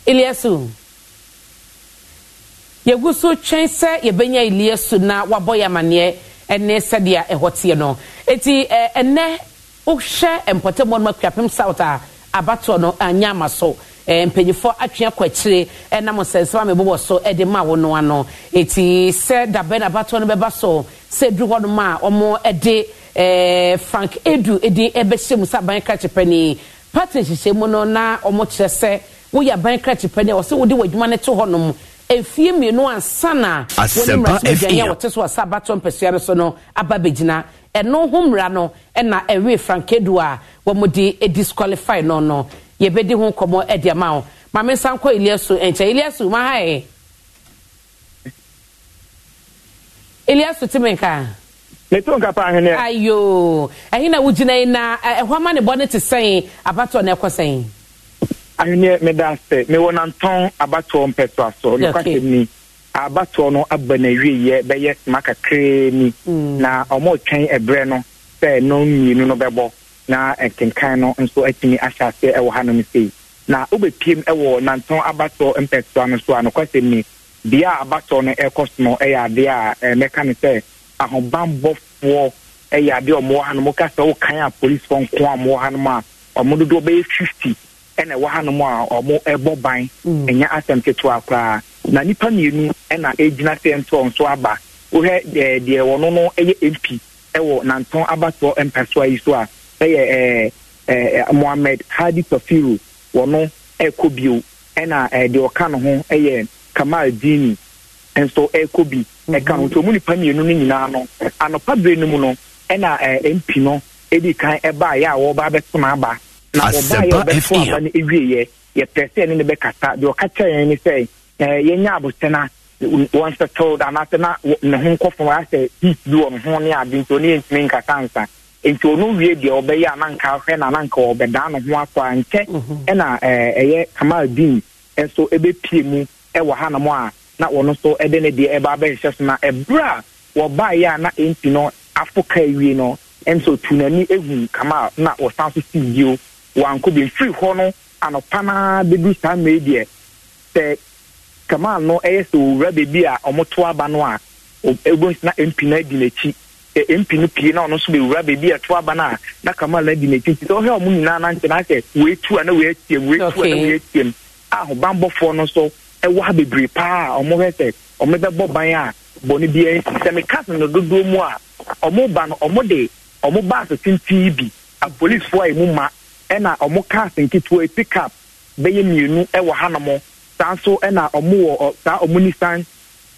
Iliasu. yɛgu so twɛn sɛ yɛbɛnya iliasu na wabɔ yɛ amanneɛ ɛne sɛdeɛ ɛhɔ teɛ no eti ɛnɛ wohwɛ mpɔtɛmmɔ no ma kuapem south a abatoɔ no anya ama so eh, mpanyinfoɔ atwea kɔ akyire nsɛnsɛm a mebobɔ so de ma wɔn no ano eti sɛ dabɛn abatoɔ no bɛba so sɛ duru hɔnom a wɔn de ɛɛ frank edu edin ɛbɛhyɛ mu sɛ aban krakye panyin pati nhyehyɛ mu no na wɔn kyerɛ sɛ woyɛ aban krakye panyin a wɔsɛ wɔde wɔn adwuma no to hɔnom efie mmienu ansa wɔn mu rasmi dwan yɛ wɔte so wɔ sɛ abatoɔ mpɛsia no so no aba bɛgyina. ɛno ho mmara no na ɛwe frankedu a disqualify no no yɛbɛdi ho nkɔmmɔ adi ama wo ma nsa nkɔ eliasu nkyɛn eliasu mahae eliasu timi nka meto nka nkapa ahene ayo ɛhe na wogyina yi na ɛhɔ ama ne bɔ ne te sɛn abatoɔ na ɛkɔ sɛn ahenneɛ da sɛ mewɔ nantɔn abatoɔ mpɛtoa abatoɔ no aba mm. na wieɛ bɛyɛ soma kakraa ni na ɔmaɔtwɛn ɛberɛ no sɛ ɛno mmienu no bɛbɔ na nkenkan no nso atumi ahyɛ aseɛ ɛwɔ hanom sei na wobɛpiem ɛwɔ nantɔn abatoɔ mpɛtoa no so a nokwasɛm ni deɛ a abatoɔ no ɛrɛkɔ so no ɛyɛ adeɛ a eh, mɛka no sɛ ahobanbɔfoɔ ɛyɛ adeɛ ɔmowɔ ha no mo ka sɛ wokan a policefoɔ nko a mowɔ ha no a ɔmo dodoɔ bɛyɛ fifty ɛna ɛwɔ ha a ɔmo ɛbɔ ban mm. ɛnyɛ asɛm ketewa koraa na nipa mmienu na egyina sɛ ntɔɔ nso aba wohɛ eh, deɛ deɛ wɔn no yɛ mp wɔ nantɔn abatoɔ mpɛsoa yi so a ɛyɛ ɛɛ eh, ɛɛ eh, mohammed hadi tafiru wɔn ɛrekɔ bio ɛna ɛɛ deɛ ɔka ne ho kamal dini nso ɛrekɔ bi mhm. ɛka no nti mmienu no nyinaa no anɔpa bere no mu no ɛna ɛɛ mp no edi kan ɛbaayɛ a wɔreba abɛtena aba na aba no ewie yɛ yɛpɛ sɛ ɛne ne bɛkasa deɛ Eh, yɛnya abotɛ na wɔnsɛtoo da anaasɛ na ne ho nkɔfam asɛ heat bi wɔ ne ho ne ade nti ɔne ntumi nkasa nsa nti ɔno wie deɛ ɔbɛyɛ a na nka na na nka ɔbɛdaa ne ho akɔ a nkyɛ mhm. ɛna eh, ɛyɛ kamal din nso ɛbɛpie mu ɛwɔ hanom a na wɔn nso ɛde ne deɛ ɛba abɛhyehyɛ so na ɛbrɛ a wɔbaeɛ a na ɛmpi no afoka awie no nso tu n'ani ehu kama na wɔsan so si yio wɔn anko bi mfiri hɔ no anɔpa naa bedu saa mmeri deɛ sɛ kamal no ɛyɛ sɛ owura beebi a ɔmoto aba no a ebi na mp na adi n'akyi mp no pie na ɔno nso bewura beebi a to aba no a na kamal na adi n'akyi nti sɛ nyinaa na nkyɛn na wee weetu a na weetiam weetu a na weetiam ahobanbɔfoɔ nso ɛwɔ ha bebree paa a sɛ bɛbɔ ban a bi ɛnsi sɛ no dodoɔ mu a ba no de baasi tenten bi apolisifoɔ a emu ma ɛna saa nso na ɔmo wɔ saa ɔmo nisan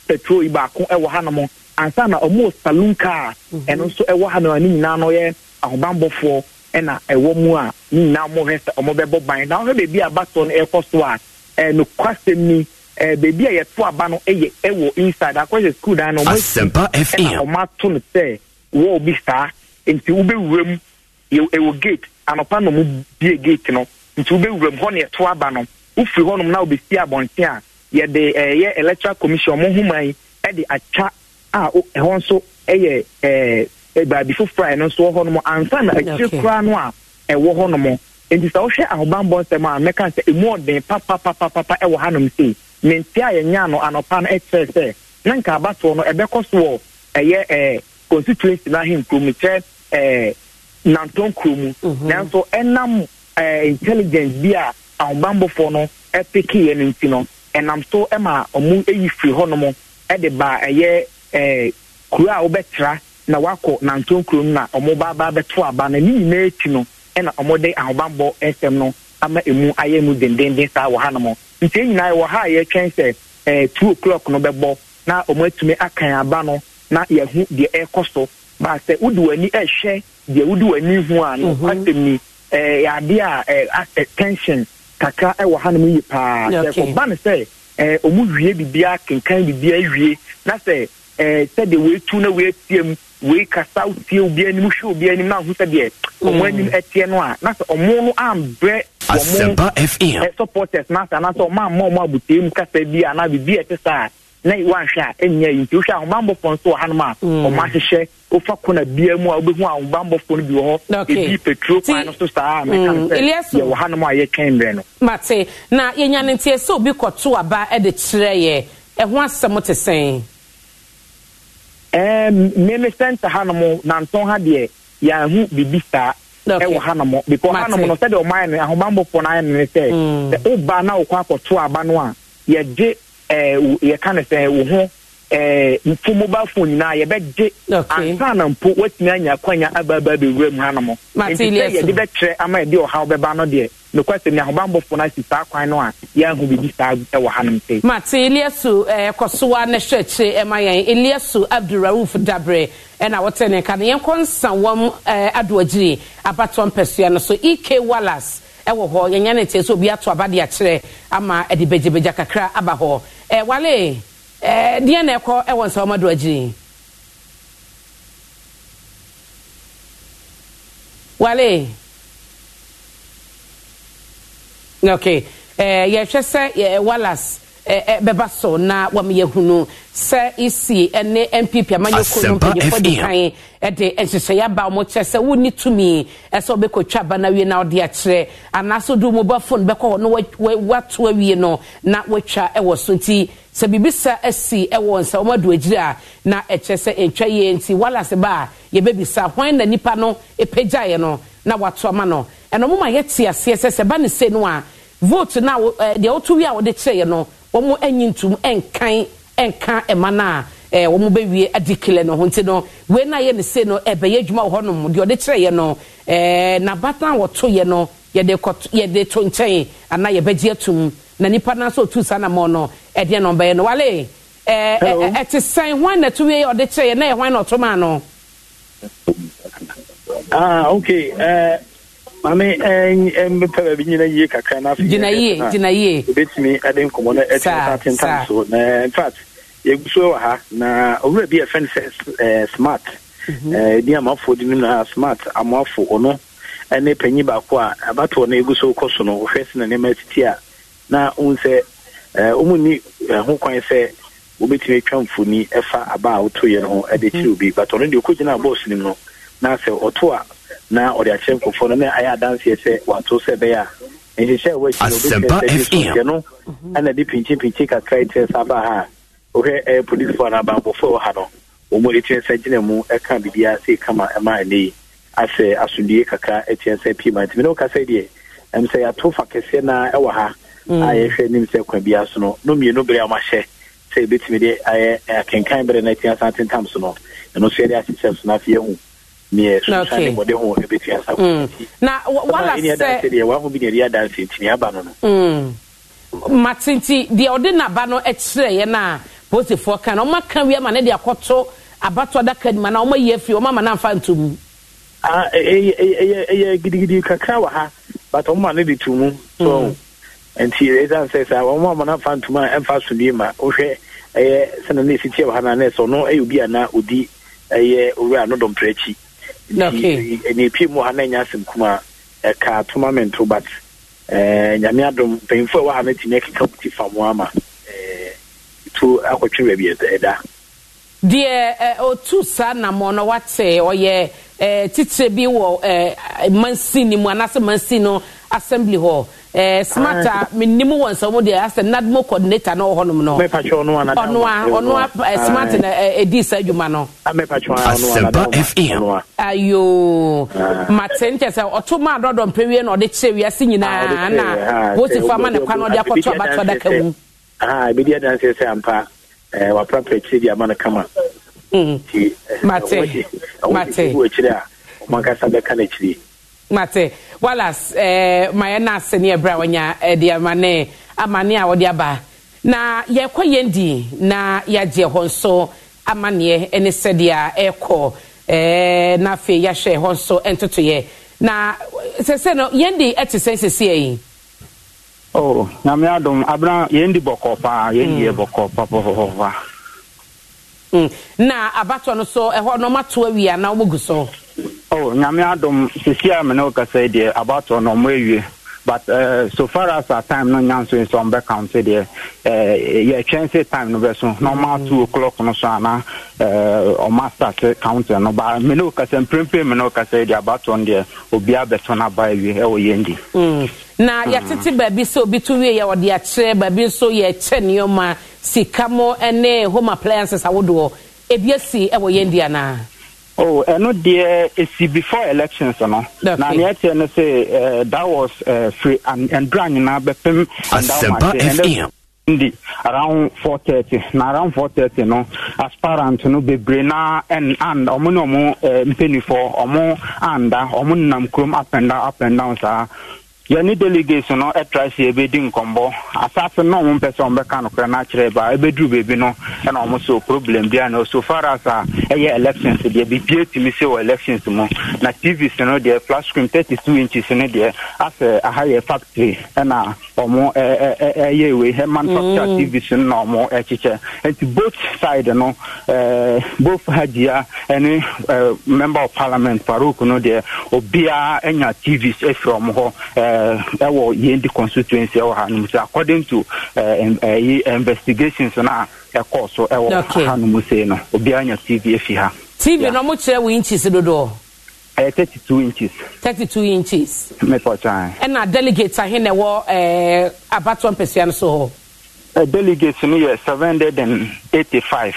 petrol yi baako wɔ hanom ansa na ɔmo wɔ saloon car mhm. ɛno nso wɔ hanom a ne nyinaa no yɛ ahobanbɔfoɔ na ɛwɔ mu a ne nyinaa ɔmo hɛ sɛ ɔmo bɛbɔ ban na ɔhɛ beebi a abatɔ no ɛkɔ so a ɛɛ nokwasɛm ni beebi a yɛto aba no yɛ ɛwɔ inside akɔhyɛ sukuu dan no ɔmo ɛna ɔmo ato no sɛ wɔɔ bi saa nti wobɛwura mu ɛwɔ gate anɔpa na ɔmo bie gate no nti wobɛwura mu hɔ na yɛto aba no. wofiri hɔnom na wobɛsi abɔnten a yɛde ɛyɛ eh, electoral commission mo nhoma yi ɛde atwa a ɛhɔ nso ɛyɛ eh, eh, baabi foforɔ a ɛno nso wɔ hɔnom ansa na akyire koraa no a ɛwɔ hɔnom nti sɛ wohwɛ ahobanbɔ nsɛm a mɛka sɛ emu ɔden papapapapa ɛwɔ hanom sei mente a yɛnya no anɔpa no ɛkyerɛ sɛ na nka abatoɔ no ɛbɛkɔ so wɔ ɛyɛ constituency no ahe nkurom kyerɛ ɛɛ nanton kurom mhm. nanso ɛnam intelligence bi a ahobanbɔfoɔ no pikiiɛ ne nti no ɛnam so ma ɔmo yi firi ɛyɛ kuro a na wakɔ nantonkuro no na ɔmo baabaa bɛto aba na ne nyinaa ti no ɛna ahobanbɔ ama emu ayɛ mu saa wɔ nti nyinaa wɔ ha a yɛtwɛn sɛ two o'clock no bɛbɔ na ɔmo atumi akan aba no na yɛhu deɛ ɛrekɔ so baa sɛ w'ani ɛrehwɛ deɛ wode w'ani hu a no mhm. ni a kakra ɛwɔ hanom yi paa sɛ ɔba no sɛ ɔmu wie bibia kenkan bibia wie na sɛ ɛɛ sɛdeɛ na woetie wei kasa tie obi anim hwɛ obi anim na ahosuo deɛ ɔmo mm. anim ɛteɛ no a na sɛ ɔmo no ambrɛ ɔmo ɛsupporters na sɛ ɔmo ama ɔmo abotire mu kasa bi a na bibi ɛte saa na wahwɛ a ɛnyɛ e yi nti wohwɛ ahobanbɔfoɔ nso wɔ hanom a mm. ɔmo ahyehyɛ wofa kona bia mu a wobɛhu ahobanbɔfoɔ no bi wɔ hɔ ebi petro kwan no so saa a meka no mm, sɛ yɛwɔ hanom a yɛtwɛn mmerɛ no mate na yɛnya no nti ɛsɛ obi kɔto aba de kyerɛ yɛ ɛho asɛm te sɛn mmeme center hanom nantɔn ha deɛ yɛahu biribi saa ɛwɔ hanom because hanom no sɛdeɛ ɔmo ayɛ no ahobanbɔfoɔ no ayɛ no ne sɛ mm. sɛ woba na wokɔ akɔto aba no a yɛgye Eh, yɛka no sɛ wo ho mfo mobile phone nyinaa yɛbɛgye ansa na mpo woatumi anya kwanya bɛwura mu sɛ yɛde bɛkyerɛ ama yɛde ɔhaw bɛba no deɛ sɛ no asi saa kwan no a yɛahu biribi saa wɔ hanom sɛ mate eliasu eh, kɔsowa ne hwɛ akyire eh, ma yɛn eliasu abdurauf dabrɛ ɛna wɔtɛ ne ka no yɛnkɔ nsa wɔm adoagyire abatoɔ mpɛsua no so ek wallas ẹ eh, wale ẹ deɛ na ɛkɔ ɛwɔ nsa ɔmo do agyiri wale ok ẹ yɛhwɛ sɛ ɛ walas. Eh, eh, bɛba so na wɔmyɛ hunu sɛ esi ne npp amanyɔkuo no mpanyinfoɔ de kan de nhyehyɛeɛ aba wɔn kyerɛ sɛ wonni tumi sɛ wɔbɛkɔtwa aba na wie na wɔde akyerɛ anaasɛ do mobile phone bɛkɔ hɔ na wato awie no na watwa wɔ so nti sɛ biribi sa asi wɔ nsa wɔn adu agyire a na ɛkyerɛ sɛ ntwa yie nti walase ba a yɛbɛbisa hwan na nipa no e apagyaeɛ no na wato ama no ɛnna wɔn a yɛte aseɛ e sɛ sɛ ba ne se no a vote na eh, deɛ wotu wie a wɔde kyerɛ yɛ no wɔn anyi ntum nkan nka ɛma no a ɛɛ wɔn bɛwie adi kele no ho nti no wei na yɛ ne se no ɛbɛyɛ adwuma wɔ hɔnom deɛ ɔde kyerɛ yɛ no ɛɛ n'abata wɔto yɛ no yɛde kɔt yɛde to nkyɛn anaa yɛbɛgye atum na nipa naa sɛ otu saa no ɛdeɛ na ɔbɛyɛ no wale ɛɛ ɛte sɛn hwan na ɛto yɛ ɔde kyerɛ yɛ na yɛ hwan na ɔto maa no. ah okay ɛɛ. Uh... maame mmepɛ eh, eh, baabi nyina yie kakra na gyina yie gyina yie ebetumi ɛde nkɔmɔ no ɛtumi sa atentam so na in fact so ha na owura bi yɛfɛ no sɛ eh, smart ɛdi mhm. amafoɔ di no na smart amoafo ɔno ɛne panyin baako a abatoɔ no egu so kɔ so no na nneɛma titi a na ohun sɛ ɛɛ ni ɛho kwan sɛ mfoni ɛfa aba a yɛ no ho ɛde mhm. obi ɔno deɛ ɔkɔ gyina bɔɔso na ɔde akyerɛ nkɔfoɔ no na ayɛ adanseɛ sɛ wato sɛ ɛbɛyɛ a nhyehyɛ ɛwɔ akyi no ɛna de pinkyipinkyi kakra ɛkyerɛ sa ba ha a wohwɛ ɛyɛ policefoɔ no abanbɔfoɔ ɛwɔ ha no wɔn ɛkyerɛ sɛ gyina mu ɛka biribiara sɛ kama ɛma ɛne yi asɛ asomdie kakra ɛkyerɛ sɛ pii ma ntumi ne wokasa deɛ ɛm sɛ yɛato fa kɛseɛ na ɛwɔ ha a mm. yɛhwɛ anim sɛ kwa bia so no no mmienu bere a wɔahyɛ sɛ ɛbɛtumi de ayɛ akenkan bere na ɛtia sa tentam so no ɛno so yɛde ahyehyɛ so no afei ahu matenti deɛ ɔde naba no kyerɛeɛ no mm. a posifoɔ ka no wie ma ne de akɔto abato adaka nima na ɔmayi afiri ɔmama no amfa nto mu ɛyɛ e, e, e, gidigidi kakra wɔ ha but ɔmoma mm. no de to mu so nti ɛsiane sɛ saa ɔmama no amfa ntom a ɛmfa ma wohwɛ ɛyɛ sɛna ne wɔ ha no na ɔno ɛyɛ obi a ɔdi ɛyɛ owura no dɔmprɛ akyi na epi mu ha na nya asɛm kuma ɛka tournament but uh, nyame adom mpanyinfo a wɔ ha no tumi ɛkeka ti fa mu ama uh, tu akɔtwe baabi ɛda deɛ otu uh, saa namɔ no wate ɔyɛ titire bi wɔ mansi ne mu anaasɛ mansi no assembly hall ɛɛ smart a menim wɔn sɛ wɔn asɛ nadmo coordinator na ɔwɔ hɔnom no ɔno a smart na ɛɛ edi sɛ adwuma no. asɛmpa fm. ayo mate n kyɛ sɛ ɔto maa dɔdɔ mpɛwie na ɔde kyerɛ wiase nyinaa na wosi fama ne kwan ɔde akɔtɔ abatɔ daka mu. ebi di adansi sɛ ampa ɛɛ wapapɛ kyerɛ di ama no kama. mate mate ɔmo ti fi wɔ akyire a ɔmo ankasa bɛka n'akyiri. mate walas eh, ma yɛ na ne ɛbrɛ wɔnya eh, de ama amane a wɔde aba na yɛkɔ yɛn di na yɛagye hɔ nso amaneɛ ne sɛdeɛ eh, na afei yɛahwɛ hɔ nso na sɛsɛ no yɛn di te yi o oh, yɛn di bɔkɔ paa yɛn di yɛ mm. bɔkɔ papapapa mm. na abatoɔ no so ɛhɔ no na so oh nyame adom sisi a mene wokasa yi deɛ abatoɔ no ɔmo awie but uh, so far as our time no nyanso nso ɔmo bɛka nso deɛ eh, yɛtwɛn sɛ time no bɛso na ɔmo mm. ato o'clock no so ana eh, ɔmo astart counter no ba mene wokasa mprempren mene wokasa yi deɛ abatoɔ no deɛ obiara bɛtɔ no aba awie ɛwɔ yɛn di. Mm. na mm. yɛtete baabi sɛ obi to wie yɛ ɔde akyerɛ baabi nso yɛkyɛ nneɛma sika mo ne home appliances ahodoɔ ebi esi ɛwɔ yɛn di anaa. Oh, ɛno deɛ esi before elections no. na neɛ tiɛ no sɛ eh, that was uh, free and ndura nyinaa bɛpem. asempa fm. ndi around four thirty na around four thirty no aspirant no bebree na ɛn and ɔmo ne ɔmo eh, mpanyinfoɔ ɔmo anda ɔmo nam kurom up and down up and down saa. yɛne delegates no tra sɛ yɛbɛdi nkɔmbɔ asase na ɔmo mpɛ sɛ ɔmbɛka nokorɛ no akyerɛ ba ɛbɛduru baabi no ɛna ɔmo so problem bia no so far as uh, a ɛyɛ elections deɛ biribia tumi sɛ wɔ elections mu na tvs no deɛ flash screen 32 inches no deɛ asɛ aha yɛ factory ɛna ɔmo ɛyɛ wei hɛ manufacture activities no na ɔmo ɛkyekyɛ nti both side no ɛɛ e, both hajia ɛne ɛɛ e, member of parliament farouk no deɛ obiara ɛnya e, tvs efiri ɔmo hɔ ɛɛ ɛwɔ yendi constituency ɛwɔ ha nom according to ɛɛ ɛyi investigations na ɛkɔɔ so ɛwɔ ha nom sɛ no obiara nya tv efi ha. tv na ɔmo kyerɛ wo inches dodoɔ ɛyɛ thirty two inches. thirty two inches. mepɔ kyan. ɛna delegate ahen na ɛwɔ ɛɛ abatoɔ mpɛsia no so hɔ. Uh, delegate no yɛ seven hundred and eighty five.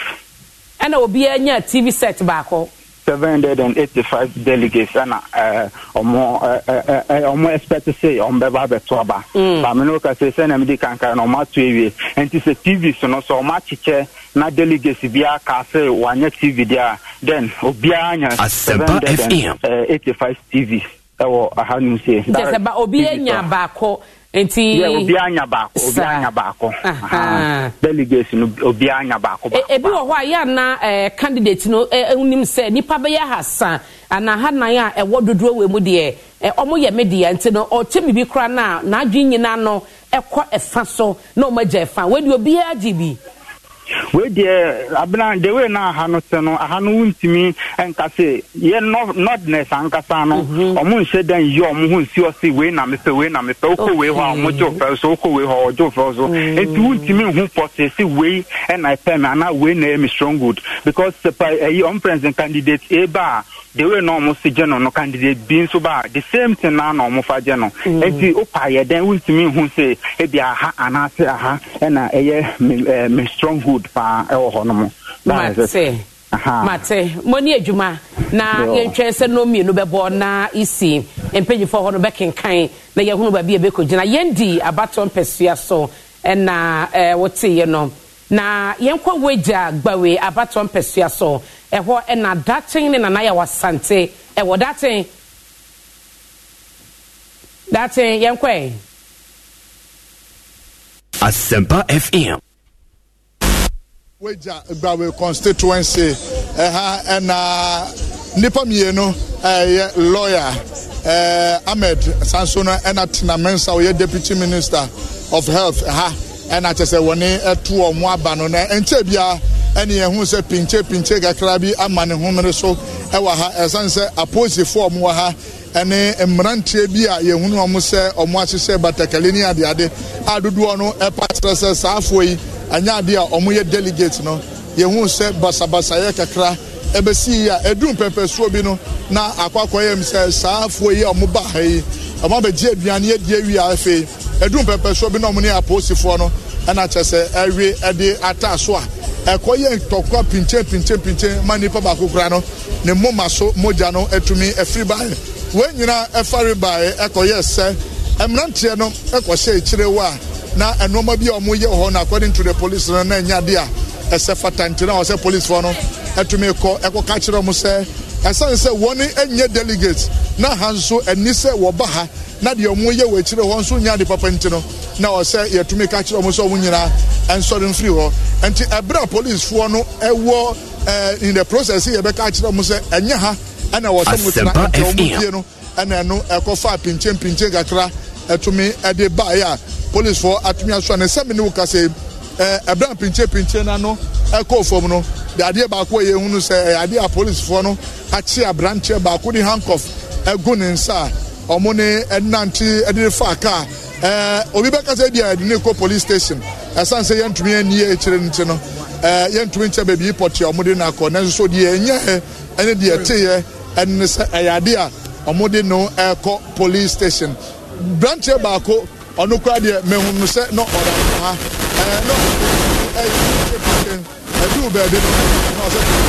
ɛna obiara nya tv set baako. 785 delegates ana ɔmo ɔmo expect sɛ ɔmo bɛba abɛto aba maame no kasa sɛ na mede kankan na ɔmo ato awie nti sɛ tv so no sɛ ɔmo akyekyɛ eh, na delegates biara ka sɛ wanyɛ tv deɛ a then and eighty-five tv ɛwɔ ahanum sie. kyɛ ba obi enya baako. nti yɛ obi anya baako obi anya baako delegates no obi anya baako e, baako ebi wɔ hɔ a yɛ ana eh, candidate no ɛnim eh, sɛ nipa bɛyɛ ha san ana ha nan a ɛwɔ dodoɔ wɔ mu deɛ ɛ eh, wɔn yɛ media nti no ɔkyɛ mi bi kora na n'adwi nyinaa no ɛkɔ ɛfa so na wɔn agya ɛfa wɔn adi obiara gye bi. wee deɛ abena de wei na aha no se no aha no wontumi nka se yɛ nɔdnes ankasa no ɔmo nhyɛ dan yi ɔmo ho nsi ɔse wee na mepɛ wee na mepɛ wokɔ wei hɔ a ɔmo gye ofɛ so wokɔ wei hɔ ɔgye ofɛ so nti wontumi nhu pɔse se wei ɛna ɛpɛ me mm. anaa wei na ɛyɛ e me stronghold because sɛ eh, pa ɛyi eh, ɔmprɛnsen candidate eba a the way na ọmụ si gye no no candidate bi nso baa the same thing na anọ ọmụ fa gye no mm. eti ụpa yɛ dɛn wuntumi hu sɛ ebi aha anaasị aha ɛna ɛyɛ strong stronghold paa ɛwɔ hɔ nom. mate mate mo ni adwuma na yɛntwɛn sɛ no mmienu bɛbɔ na isi mpanyinfoɔ hɔ no bɛkenkan na yɛhunu baabi a bɛkɔgyina yɛndi abatɔ mpɛsua so ɛna ɛɛ wɔte yɛ nọ na yɛnkɔ wagya gbawe abatɔ mpɛsua so. ɛhɔ ɛna daten ne nana yɛ wɔ asante ɛwɔ daten daten yɛn kɔɛ. asempa fm. wagya gbawe constituency ɛha ɛna nipa mmienu ɛyɛ eh, lɔya. Uh, eh, Ahmed Sansono ɛna tena mensa ɔyɛ deputy minister of health ɛha ɛna kyɛ sɛ wɔne ɛto ɔmo aba no na nkyɛ bia ɛne yɛn ho sɛ pinkye pinkye kakra bi ama ne ho mmiri so ɛwɔ ha ɛsan sɛ apolisifoɔ ɔmo wɔ ha ɛne mmeranteɛ bi a yɛn ho ɔmo sɛ ɔmo ahyehyɛ batakali ne adeade a dodoɔ no ɛpa kyerɛ sɛ saa yi ɛnyɛ adeɛ a ɔmo yɛ delegate no yɛn ho basabasa yɛ kakra ɛbɛsi yi a ɛdum pɛpɛsoɔ bi no na akɔ akɔyɛ mu sɛ saa afoɔ yi a ɔmo ba ha yi ɔmo abɛgye aduane yɛ die wi afei ɛduru mpɛpɛsoɔ bi na ɔmo ne apolisifoɔ no ɛna kyerɛ sɛ ɛwe ɛde ata so a ɛkɔ yɛ ntɔkwa pinkyen pinkyen pinkyen ma nipa baako kura no ne moma so mogya no atumi ɛfiri baeɛ wɔn nyinaa ɛfari baa baeɛ ɛkɔyɛ sɛ mmeranteɛ no ɛkɔhyɛ akyire wɔ a na nneɛma bi a wɔn yɛ hɔ no according to the police no na nya de a ɛsɛ fata ntina a wɔsɛ policefoɔ no ɛtumi kɔ ɛkɔka kyerɛ wɔn sɛ ɛsan sɛ wɔn nyɛ delegate na ha nso ani sɛ wɔba ha na deɛ ɔmo yɛ wɔ akyire hɔ nso nya ade papa nti no na ɔsɛ yɛtumi ka kyerɛ ɔmo sɛ ɔmo nyinaa nsɔre mfiri hɔ nti ɛbrɛ policefoɔ no ɛwɔ ɛɛ eh, in the process yɛbɛka kyerɛ ɔmo sɛ ɛnyɛ ha ɛna wɔsɛ mo tena nti ɔmo fie no ɛna ɛno ɛkɔfa pinkyen pinkyen kakra ɛtumi ɛde baeɛ a policefoɔ atumi asoa ne sɛmi ne wo kasa eh, ɛbrɛ pinkyen pinkyen na no ɛkɔɔ fam no de adeɛ baako a yɛhunu sɛ ɛyɛ eh, adeɛ a policefoɔ no akye aberanteɛ baako de handcuff ɛgu ne nsa a ɔmo ne ɛnante ɛde ne fa kaa ɛɛ obi ebi a ɛde ne kɔ police station ɛsan sɛ yɛntumi ɛnie ekyire ne ti no ɛɛ yɛntumi nkyɛn beebi pɔtɛ ɔmo de na akɔ nanso deɛ ɛnyɛ ɛne deɛ ɛteyɛ ɛne sɛ ɛyɛ ade a ɔmo de no police station branteɛ baako ɔno kura deɛ mehun sɛ na ɔda ha ɛɛ ɛyɛ ɛdu baabi no na ɔsɛ.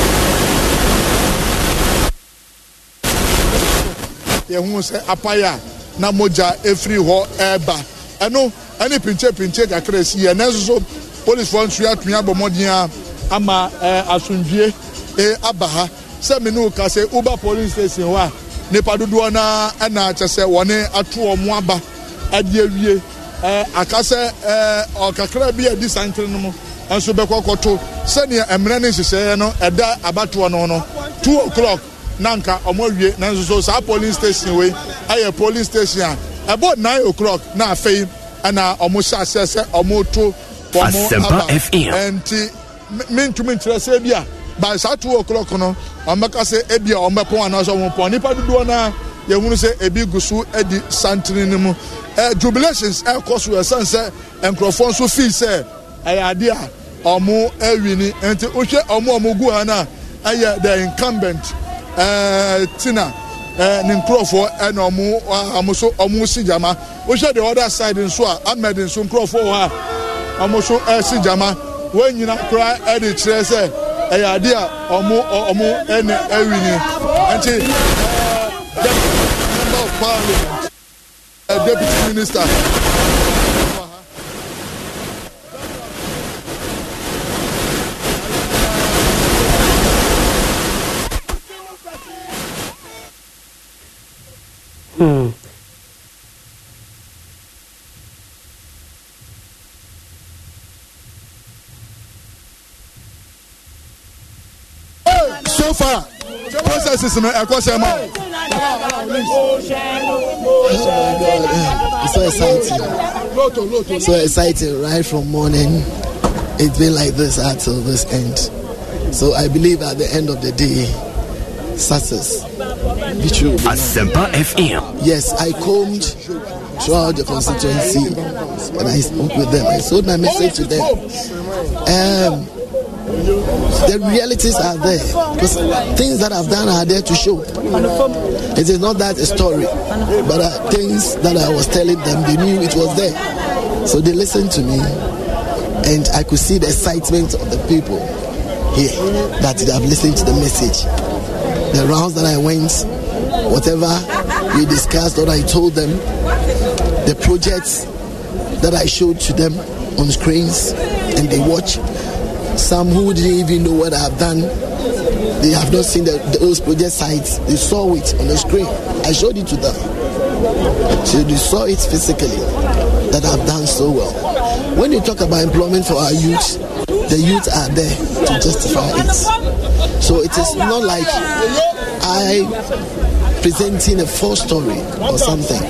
yɛhu sɛ apaya na mogya efiri hɔ ɛɛba ɛno ɛne pinkyepinkye kakra esi yɛ ɛnɛ nso polisifoɔ nso yɛatumi abɔ ama ɛɛ asundue ee aba ha sɛ mene ka sɛ uba police station hɔ a nipa dodoɔ naa ɛna kyɛ sɛ wɔne ato wɔn aba ɛde awie ɛɛ akasɛ ɛɛ ɔkakra bi a ɛdi santere no mu nso bɛkɔ kɔto sɛnea mmerɛ ne nhyehyɛeɛ no ɛda abatoɔ no no two o'clock na nka ɔmo awie nanso so saa polling station wei ɛyɛ polling station a ɛbɔ nine o'clock na afei ɛna ɔmo hyɛ aseɛ sɛ ɔmo to ɔmo aba ɛnti mintumi nkyerɛ sɛ ebi a by saa two o'clock no ɔmɛka sɛ ebi a ɔmɛpɔn anaasɛ ɔmɛpɔn nipa dodoɔ naa yɛhunu sɛ ebi gu so edi santene no mu ɛɛ jubilations ɛɛkɔ so ɛsɛn sɛ nkurɔfoɔ nso fii sɛ ɛyɛ adeɛ a ɔmo ɛɛwi ni nti wohwɛ ɔmo ɔmo gu ha no ɛyɛ the incumbent. Eh, tina eh, ne nkurɔfoɔ ɛna eh, ɔmo ah, ɔmo so ɔmo si gyama wohyɛ the other side nso a ahmed nso nkurɔfoɔ wɔ a ɔmo so ɛsi gyama wɔn nyinaa koraa kyerɛ sɛ ɛyɛ ade a ɔmo ɔmo ɛwi ni nti deputy minister. so far processes no ẹkọ sẹ so exciting. So exciting, right from morning. It's been like this until this end. So I believe at the end of the day, success, which will be. FM. Yes, I combed throughout the constituency and I spoke with them. I sold my message to them. Um, the realities are there because things that I've done are there to show. It is not that a story, but uh, things that I was telling them, they knew it was there. So they listened to me, and I could see the excitement of the people here that they have listened to the message the rounds that I went, whatever we discussed what I told them, the projects that I showed to them on screens and they watch. Some who didn't even know what I've done, they have not seen the, those project sites. They saw it on the screen. I showed it to them. So they saw it physically that I've done so well. When you talk about employment for our youth, the youth are there to justify it. So it is not like I presenting a false story or something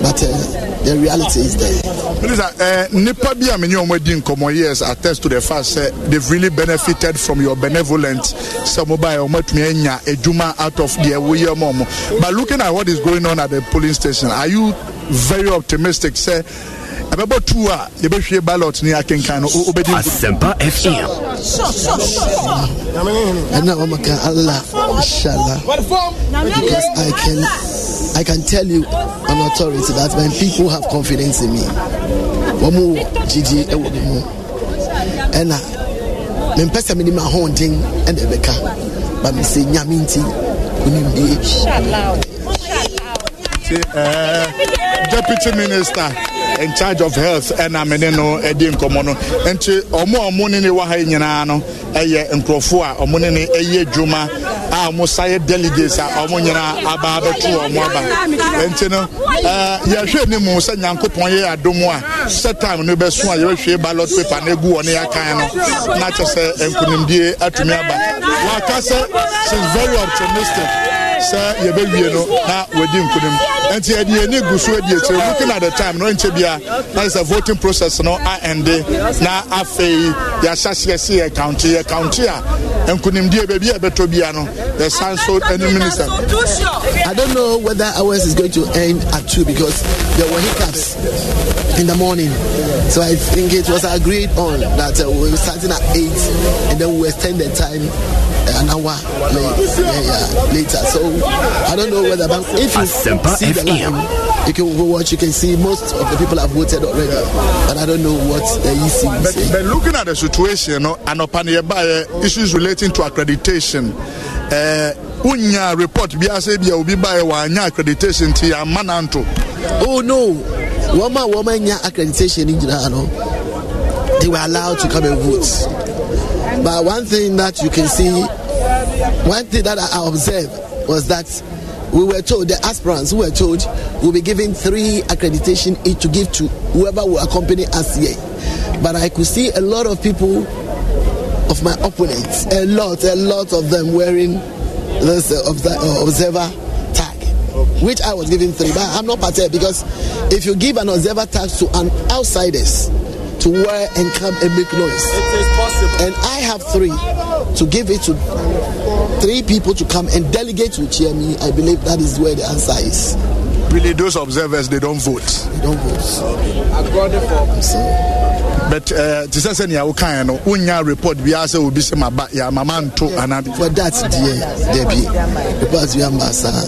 but uh, the reality is there. Minister, uh, nipa bi a mi ni ọmọ years attest to the fact say they've really benefited from your benevolent samobaya ọmọ e, tumi enya edwuma out of the ewu yẹ but looking at what is going on at the polling station are you very optimistic say ẹbẹ bọ tu a ballot ni akinkan no Asempa FM. I know I'm oh Allah, inshallah. Because I can, I can tell you on authority that when people have confidence in me, Wamu, wɔn gyigye wɔ me mu ɛna mempɛ sɛ mede mahoɔden ɛna ɛbɛka ba mesɛ nyame nti wonimdie eh, deputy minister in charge of health ɛna mene no ɛdi nkɔmmɔ no nti ɔmo a ɔmo ne ne wɔ ha yi nyinaa no ɛyɛ nkurɔfoɔ a ɔmo ne ne ɛyɛ adwuma a ɔmo sayɛ delegates a ɔmo nyinaa aba abɛto ɔmo aba nti no ɛɛ yɛhwɛ ne mu sɛ nyankopɔn yɛ adomu a sɛ time no bɛso a yɛbɛhwɛ ballot paper na egu wɔ ne yɛakan no na kyɛ sɛ nkunimdie atumi aba waka sɛ she's very optimistic. sɛ yɛbɛwie no na wɔdi nkonim ɛnti yɛde yɛni gu so adi akyire looking at the time no nkyɛ bia na sɛ voting process no aɛnde na afei yɛahyɛhyeɛ se yɛ county yɛ county a nkonimdie baabi a ɛbɛtɔ bia no yɛsan so anim minister I don't know whether ours is going to end at two because there were hiccups in the morning. So I think it was agreed on that uh, we were starting at eight and then we extend the time an hour later. So I don't know whether bank. If you Asempa see the line, you can go watch. You can see most of the people have voted already, but I don't know what the uh, EC but, but, looking at the situation, you know, and upon nearby issues relating to accreditation. Uh, wonya report biasɛ bia obi baɛ wanya accreditation to amma na oh no woman, woman wɔma nya accreditation no nyinaa no they were allowed to come and vote but one thing that you can see One thing that I observed was that we were told the aspirants who were told will be given three accreditation each to give to whoever will accompany us here. But I could see a lot of people of my opponents, a lot, a lot of them wearing this uh, uh, observer tag, which I was given three. But I'm not part of because if you give an observer tag to an outsiders, to wear and come and make noise. It is possible. And I have three to give it to three people to come and delegate to cheer me. I believe that is where the answer is. Really, those observers they don't vote. They don't vote. According for uh, so, but te sɛ sɛnea wokaeɛ no wonya report biaa se obi sɛ maba ya amama nto anaa for that deɛ dabi because biamba saa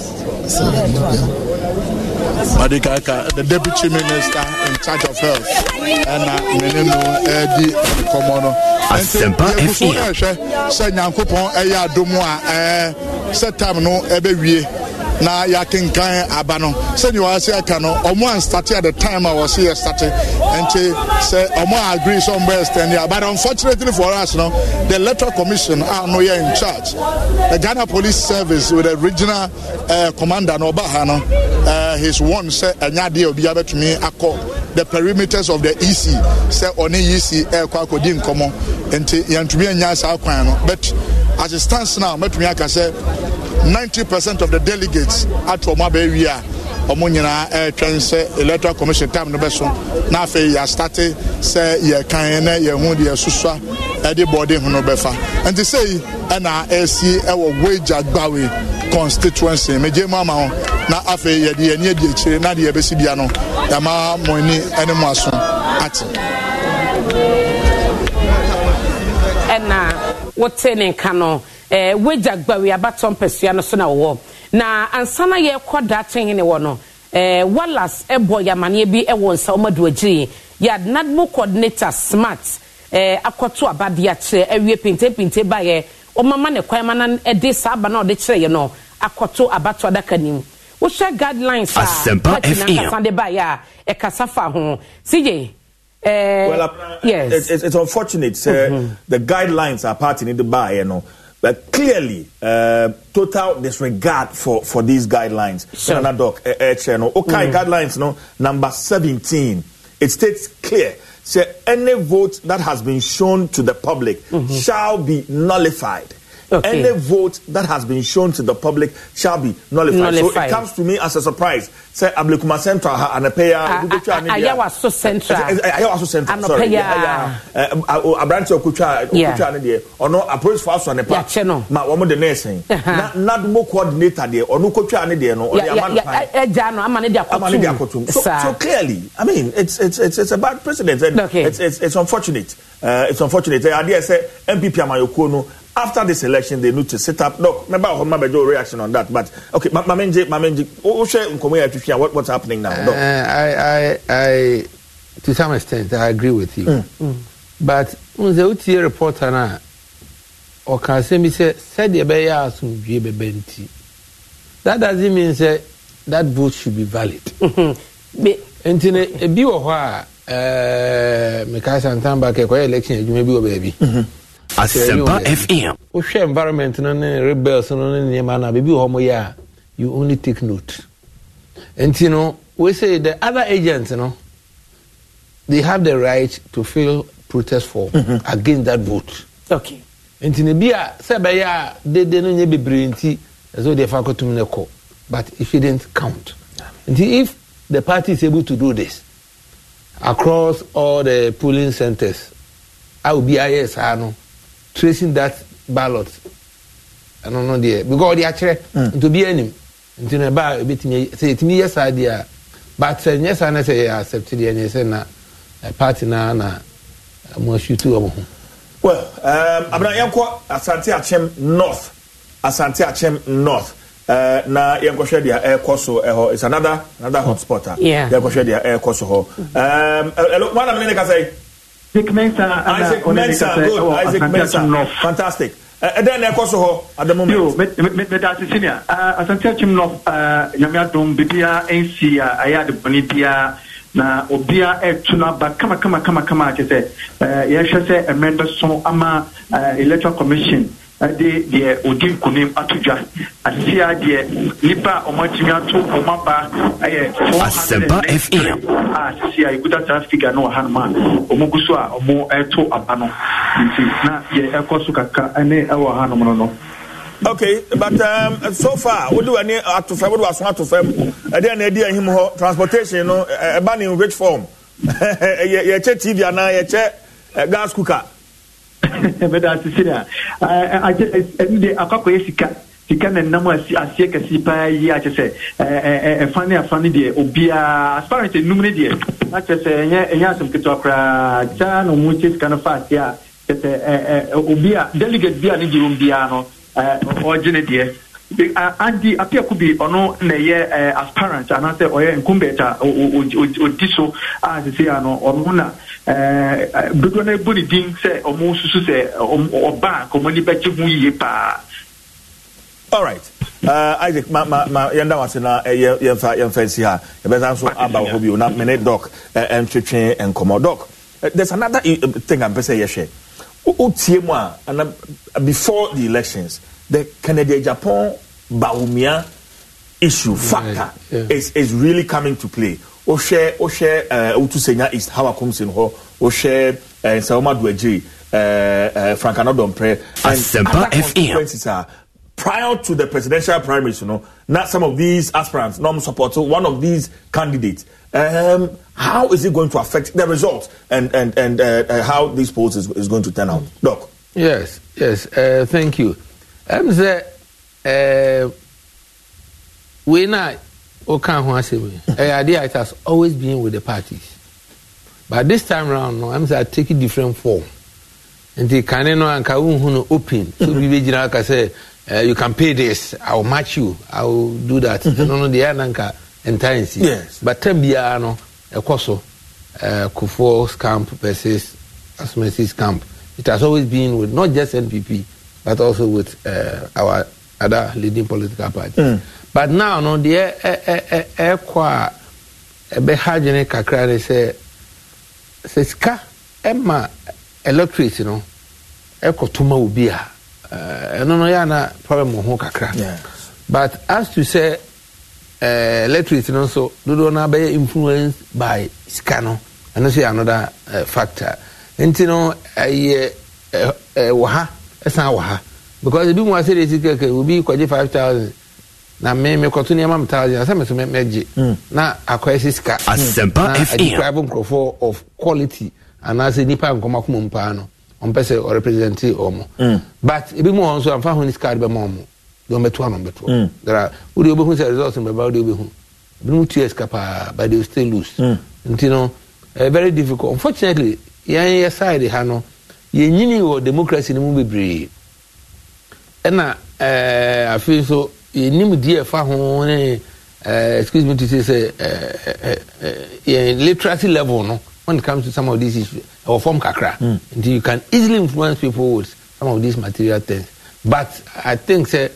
Madikaka, the Deputy Minister in charge of health, ɛna uh, mene e. eh, eh, no ɛdi nkɔmɔ no. Asempa FM. Nti yɛgu so na ɛhwɛ sɛ Nyankopɔn ɛyɛ adomu a ɛɛ sɛ tam no ɛbɛwie na yɛakenkan aba no sɛnea wɔase aka no ɔmo anstate at the time a wɔse yɛ state nti sɛ ɔmo agree sɛ ɔmbɛ extend ya but unfortunately for us no the electoral commission a no yɛ in charge the ghana police service with the regional uh, commander na ɔba ha no uh, his one sɛ ɛnyɛ adeɛ obi abɛtumi akɔ the perimeters of the ec sɛ ɔne ec ɛrekɔ eh, akɔdi nkɔmmɔ nti yɛntumi anya saa kwan no but as it stands now mɛtumi aka sɛ ninety percent of the delegates at ɔmo abɛɛwie a ɔmo nyinaa ɛretwɛn eh, electoral commission time no bɛ so na afei yɛastate sɛ yɛkan na yɛho deɛ susua ɛde bɔɔde ho no bɛfa nti sɛ yi ɛna ɛresi ɛwɔ gbawe constituency megye mu ama ho na afei yɛde yɛn ani adi akyire na deɛ yɛbɛsi bia no yɛama mo ani ne mo aso ate ɛna wote ne nka no eh, wagya gbawia batɔ mpɛsua no so na wɔwɔ na ansana yɛrekɔ daten ne wɔ no eh, wallas bɔ yamaneɛ bi wɔ nsa ɔmadu agyiri yɛad nadmo coordinator smart eh, akɔto abadeɛ akyerɛ awie pintepinte baeɛ ɔmama ne kwan ma no de saa aba no a ɔde kyerɛ no akɔto abatɔ adaka nim wohyɛ guidelines a nankasa a ɛkasa fa ho sigye Uh, well, uh, yes. It, it, it's unfortunate. Uh, mm -hmm. The guidelines are part in the bar, you know. but clearly uh, total disregard for, for these guidelines. Sure. Doc, eh, eh, no. Okay, mm. guidelines no number 17. It states clear. Say any vote that has been shown to the public mm-hmm. shall be nullified. Okay. Any vote that has been shown to the public shall be nullified. nullified. So it comes to me as a surprise. Say Ablekuma Central and a payer. Ah, ah, ah, Ayawa so central. Eh, eh, eh, Ayawa so central. Sorry. Um, Abranti Okucha Okucha ne deɛ ɔno approach for aso anepa. Yakyɛ no. Ma wɔn de nɛɛsɛn. *laughs* Na nadmo coordinator deɛ ɔno Okucha ne deɛ no ɔde ama ne pan. Ɛja no ama ne de akotum. Ama ne de akotum. So clearly I mean it's it's it's, a bad precedent. Okay. It's it's it's unfortunate. Uh, it's unfortunate. Adeɛ sɛ MPP Amayokuo no after this election they need to set up no remember how mama bejo reaction on that but okay mamenji mamenji o share nkomo ya what what's happening now no? uh, i i i to some extent i agree with you mm. Mm. but nze o tie reporter na ọka asem sẹ sẹdeẹ bẹ yẹ asomdue bẹbẹ nti that doesn't mean sẹ that vote should be valid nti ebi wọ hɔ a ɛɛ mikael santamba kɛkɔɛ election adwuma bi wɔ baabi. Mm -hmm. Asempa FEM. wohwɛ environment no ne rebels no ne nneɛma na baabi wɔ hɔ yɛ a you only take note nti no we say the other agents no they have the right to fill protest form mm -hmm. against that vote. Okay. nti ne bi a sɛ bɛyɛ a dede no nyɛ bebree nti ɛsɛ deɛ fa akɔtum ne kɔ but if it didn't count nti if the party is able to do this across all the polling centres a obi ayɛ saa no tracing that ballot ɛno no deɛ because ɔde akyerɛ nti obi anim nti no ɛbaa ebitumi sɛ etumi yɛ saa deɛ a but sɛ nyɛ saa na sɛ yɛ accept deɛ nyɛ sɛ na party na na mo asutu wɔn ho. well um, abena yɛnkɔ asante akyem north asante akyem north. Uh, na yɛnkɔhwɛ deɛ ɛrekɔ so ɛhɔ eh, it's another another hotspot a yɛnkɔhwɛ deɛ ɛrekɔ so hɔ. Hmm. Um, ɛlò wọn na mi ne ne Isaac Mensa. Oh, Isaac Mensa, good. Oh, Isaac Mensa. Fantastic. ɛdɛn na ɛkɔ so hɔ me, me, me, ase senior asante akyim nɔ nyame adom bibia nsi uh, a ɛyɛ adebɔne biara na obia ɛtu n'aba kamakama kamakama akyɛ sɛ uh, yɛhwɛ sɛ ɛmɛ bɛso ama uh, electoral commission ɛde deɛ odi nkunim ato dwa asia deɛ nipa a wɔatumi ato ɔmaba ɛyɛ a a ekuta saa figa no wɔ hanom a ọmụ gu so a ɛto aba no nti na deɛ ɛkɔ so kakra ɛne ɛwɔ hanom no but um, so far wodi wani ato fam wodi waso ato fam na ɛdi hɔ transportation no ɛba ne in which form *laughs* yɛkyɛ tv gas cooker. *laughs* mɛda asesere a ɛnu de sika sika na nam aseɛ kɛse paa yi akyɛ sɛ ɛfa ne afa ne deɛ obiara aspirant enum ne deɛ akyɛ sɛ ɛnyɛ ɛnyɛ asɛm ketewa koraa kyaa na ɔmo kye sika no fa aseɛ a kyɛ sɛ obi a delegate bi a ne deɛ ɔmo no ɔgye ne deɛ andy apiako bi ɔno na ɛyɛ aspirant anaasɛ ɔyɛ nkumbet a ɔdi so a sese a ɔno na dodoɔ no ɛbɔ ne din sɛ ɔmo susu sɛ ɔba a kɔmmɔni bɛgye ho yie paa all right uh, isaac ma ma ma yɛn da wase na ɛyɛ eh, yɛmfa yɛmfa nsi ha yɛbɛsa nso aba wɔ hɔ bio na mene doc ɛntwetwe eh, eh, nkɔmmɔ doc there's another thing a mpɛ sɛ yɛhwɛ wotie mu a before the elections the Canada Japan Baumia issue factor yeah, Is, is really coming to play. Oshe Oshe Utusenya uh, is how I come in ho Oshe uh, Selma Dweji uh, Frank Anodompre and other consequences are prior to the presidential primaries, you know, not some of these aspirants, non support, so one of these candidates. Um, how is it going to affect the results and, and, and uh, how this polls is, is, going to turn out? Doc? Yes, yes, uh, thank you. ɛm sɛ ɛɛ eh, wei na ɔka ho asɛm yi ɛyɛ adeɛ it has always been with the parties but this time round no ɛm sɛ i take different form nti kane no anka wohu no open so mm-hmm. bi bɛgyina aka sɛ uh, you can pay this i will match you i will do that mm-hmm. ɛno no deɛ ɛnanka ɛnta nsi yes. but tam biara no ɛkɔ so uh, eh, kufuor's camp versus asomasi's camp it has always been with not just npp but also with uh, our other leading political parties. Mm. But now, no, the, deɛ ɛkɔ a ɛbɛha dwene kakra ne sɛ sɛ sika ɛma electorate uh, no ɛkɔ toma wo bi a ɛno no yɛ ana problem wɔ ho kakra. But as to sɛ uh, electorate no nso dodoɔ no abɛyɛ influenced by sika no ɛno so yɛ another uh, factor nti no ɛyɛ ɛwɔ ha. Uh, uh, uh ɛsan wɔ ha because ebi mu asɛ de esi kɛkɛ obi kɔgye five thousand na mme mme kɔto nneɛma mu thousand asɛ mɛso mɛgye mm. na akɔ ɛsi sika. asempa fm na describe nkurɔfoɔ of quality anaasɛ nipa nkɔmɔ akoma mu paa no ɔmpɛ sɛ ɔrepresente ɔmo. Mm. but ebi mu wɔn nso anfa ho ne sika de bɛ ma ɔmo de wɔn bɛto ano bɛto. dara o de o bɛ hu sɛ result n bɛ ba o de o bɛ hu ebi mu tuya sika paa but they still lose. Mm. nti no eh, very difficult unfortunately yɛn yɛ side ha no yɛnyini wɔ democracy no mu bebree ɛna ɛɛ eh, afei nso yɛnim deɛ ɛfa ho ne ɛɛ eh, excuse me to say sɛ ɛɛ eh, ɛɛ yɛn literacy level no when it comes to some of these issues ɛwɔ fam kakra hmm. nti you can easily influence people with some of these material things but i think sɛ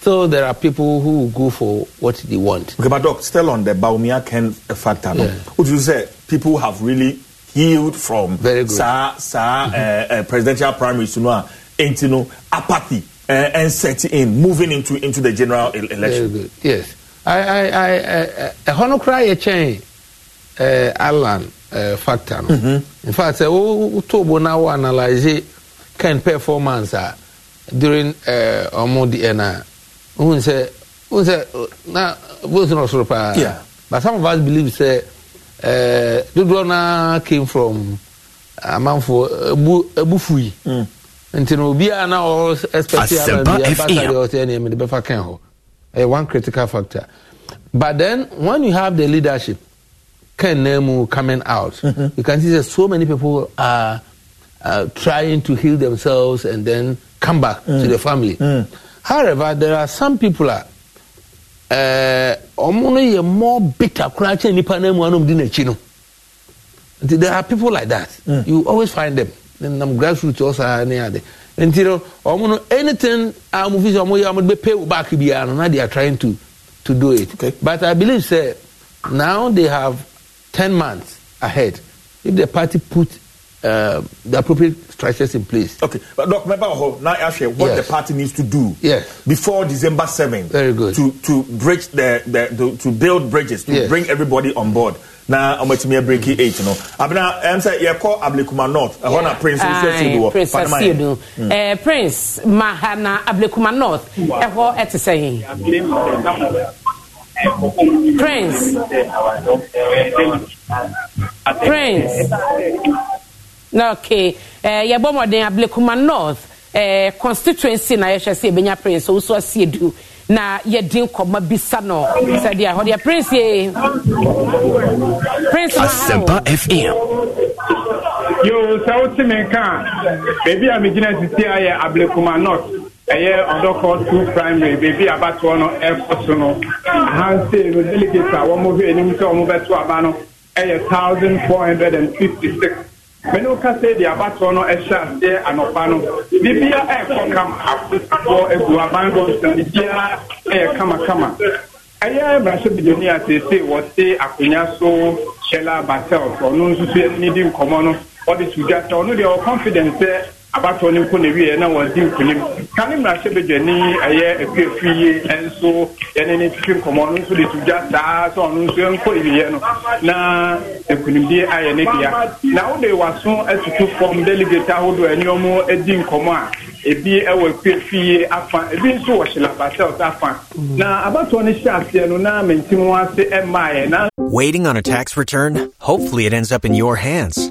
still there are people who go for what they want. okay but doc still on the baumia ken factor no yeah. would you say people have really healed from saa saa uh, presidential primaries no a nti no apathy uh, and setting in moving into into the general election. Yes, I I I ɛhɔ eh, eh, no koraa yɛ kyɛn Alan uh, factor no. Mm-hmm. In fact, sɛ woto bo na wo analyze kind performance a during ɔmo deɛ na wohun sɛ wohun sɛ na vote no soro paa. Yeah. But some of us believe say. Eh, dodoɔ noa came from eh, amanfoɔ abufu yi hmm. nti no obiaa na ɔhɔ expectdeɛɔsɛneɛmede bɛfa kan hɔ ɛyɛ eh, one critical factor but then when you have the leadership kan na mu coming out mm-hmm. you can see that so many people are uh, trying to heal themselves and then come back mm. to the family mm. however there are some people are ɔmo no yɛ more bitter koraa kyɛn nipa na mu anum di n'akyi no nti there are people like that mm. you always find them nam um, grassroots ɔsa ne ade nti no ɔmo no anything a ah, mo fi sɛ ɔmo yɛ ɔmo de pay back biara no na they are trying to to do it okay. but i believe say now they have ten months ahead if the party put um, the appropriate structures in place. Okay, but look, remember now I share what yes. the party needs to do yes. before December 7 Very good. To to bridge the, the, the to build bridges to yes. bring everybody on board. Now I'm going to break eight. You know, Abna, I'm saying you call Ablekuma North. I want a Prince Sedu. Prince Sedu. Hmm. Eh, Prince Mahana Ablekuma North. I eti sayi. Prince. Prince okay ɛɛ eh, yɛbɔ mɔden ablekuma north eh, constituency na yɛhwɛ sɛ ebenya prince owusu ɔsi edu na yɛdi nkɔmɔ bisa no sɛdeɛ ɛhɔ deɛ prince yɛ prince asempa fm. yoo sɛ wote me nka baabi a megyina sisi a yɛ ablekuma north ɛyɛ ɔdɔkɔ two primary beebi abatoɔ no ɛkɔ so no ahansi no delegate a wɔn hwɛ anim sɛ wɔn aba no ɛyɛ thousand four hundred and fifty six mene wo ka sɛ deɛ abatoɔ no ɛhyɛ aseɛ anɔpa no biribia ɛɛkɔ e e kama afoɔ agu aban bɔ nsane biara ɛyɛ kamakama ɛyɛ mmarahyɛ bidoni a seesei wɔte akonnwa so hyɛla batel ɔno nso so ɛne di nkɔmmɔ no ɔde to dwa sɛ ɔno deɛ ɔwɔ confidence sɛ e abatoɔ nkɔ na wɔn di nkunim kane ɛyɛ yi yɛne ne nso de saa sɛ ɔno nso no na nkunimdie ayɛ ne na wode waso atutu fam ahodoɔ a ebi ɛwɔ yi afa ebi nso wɔ afa na abatoɔ hyɛ aseɛ no na ase na waiting on a tax return hopefully it ends up in your hands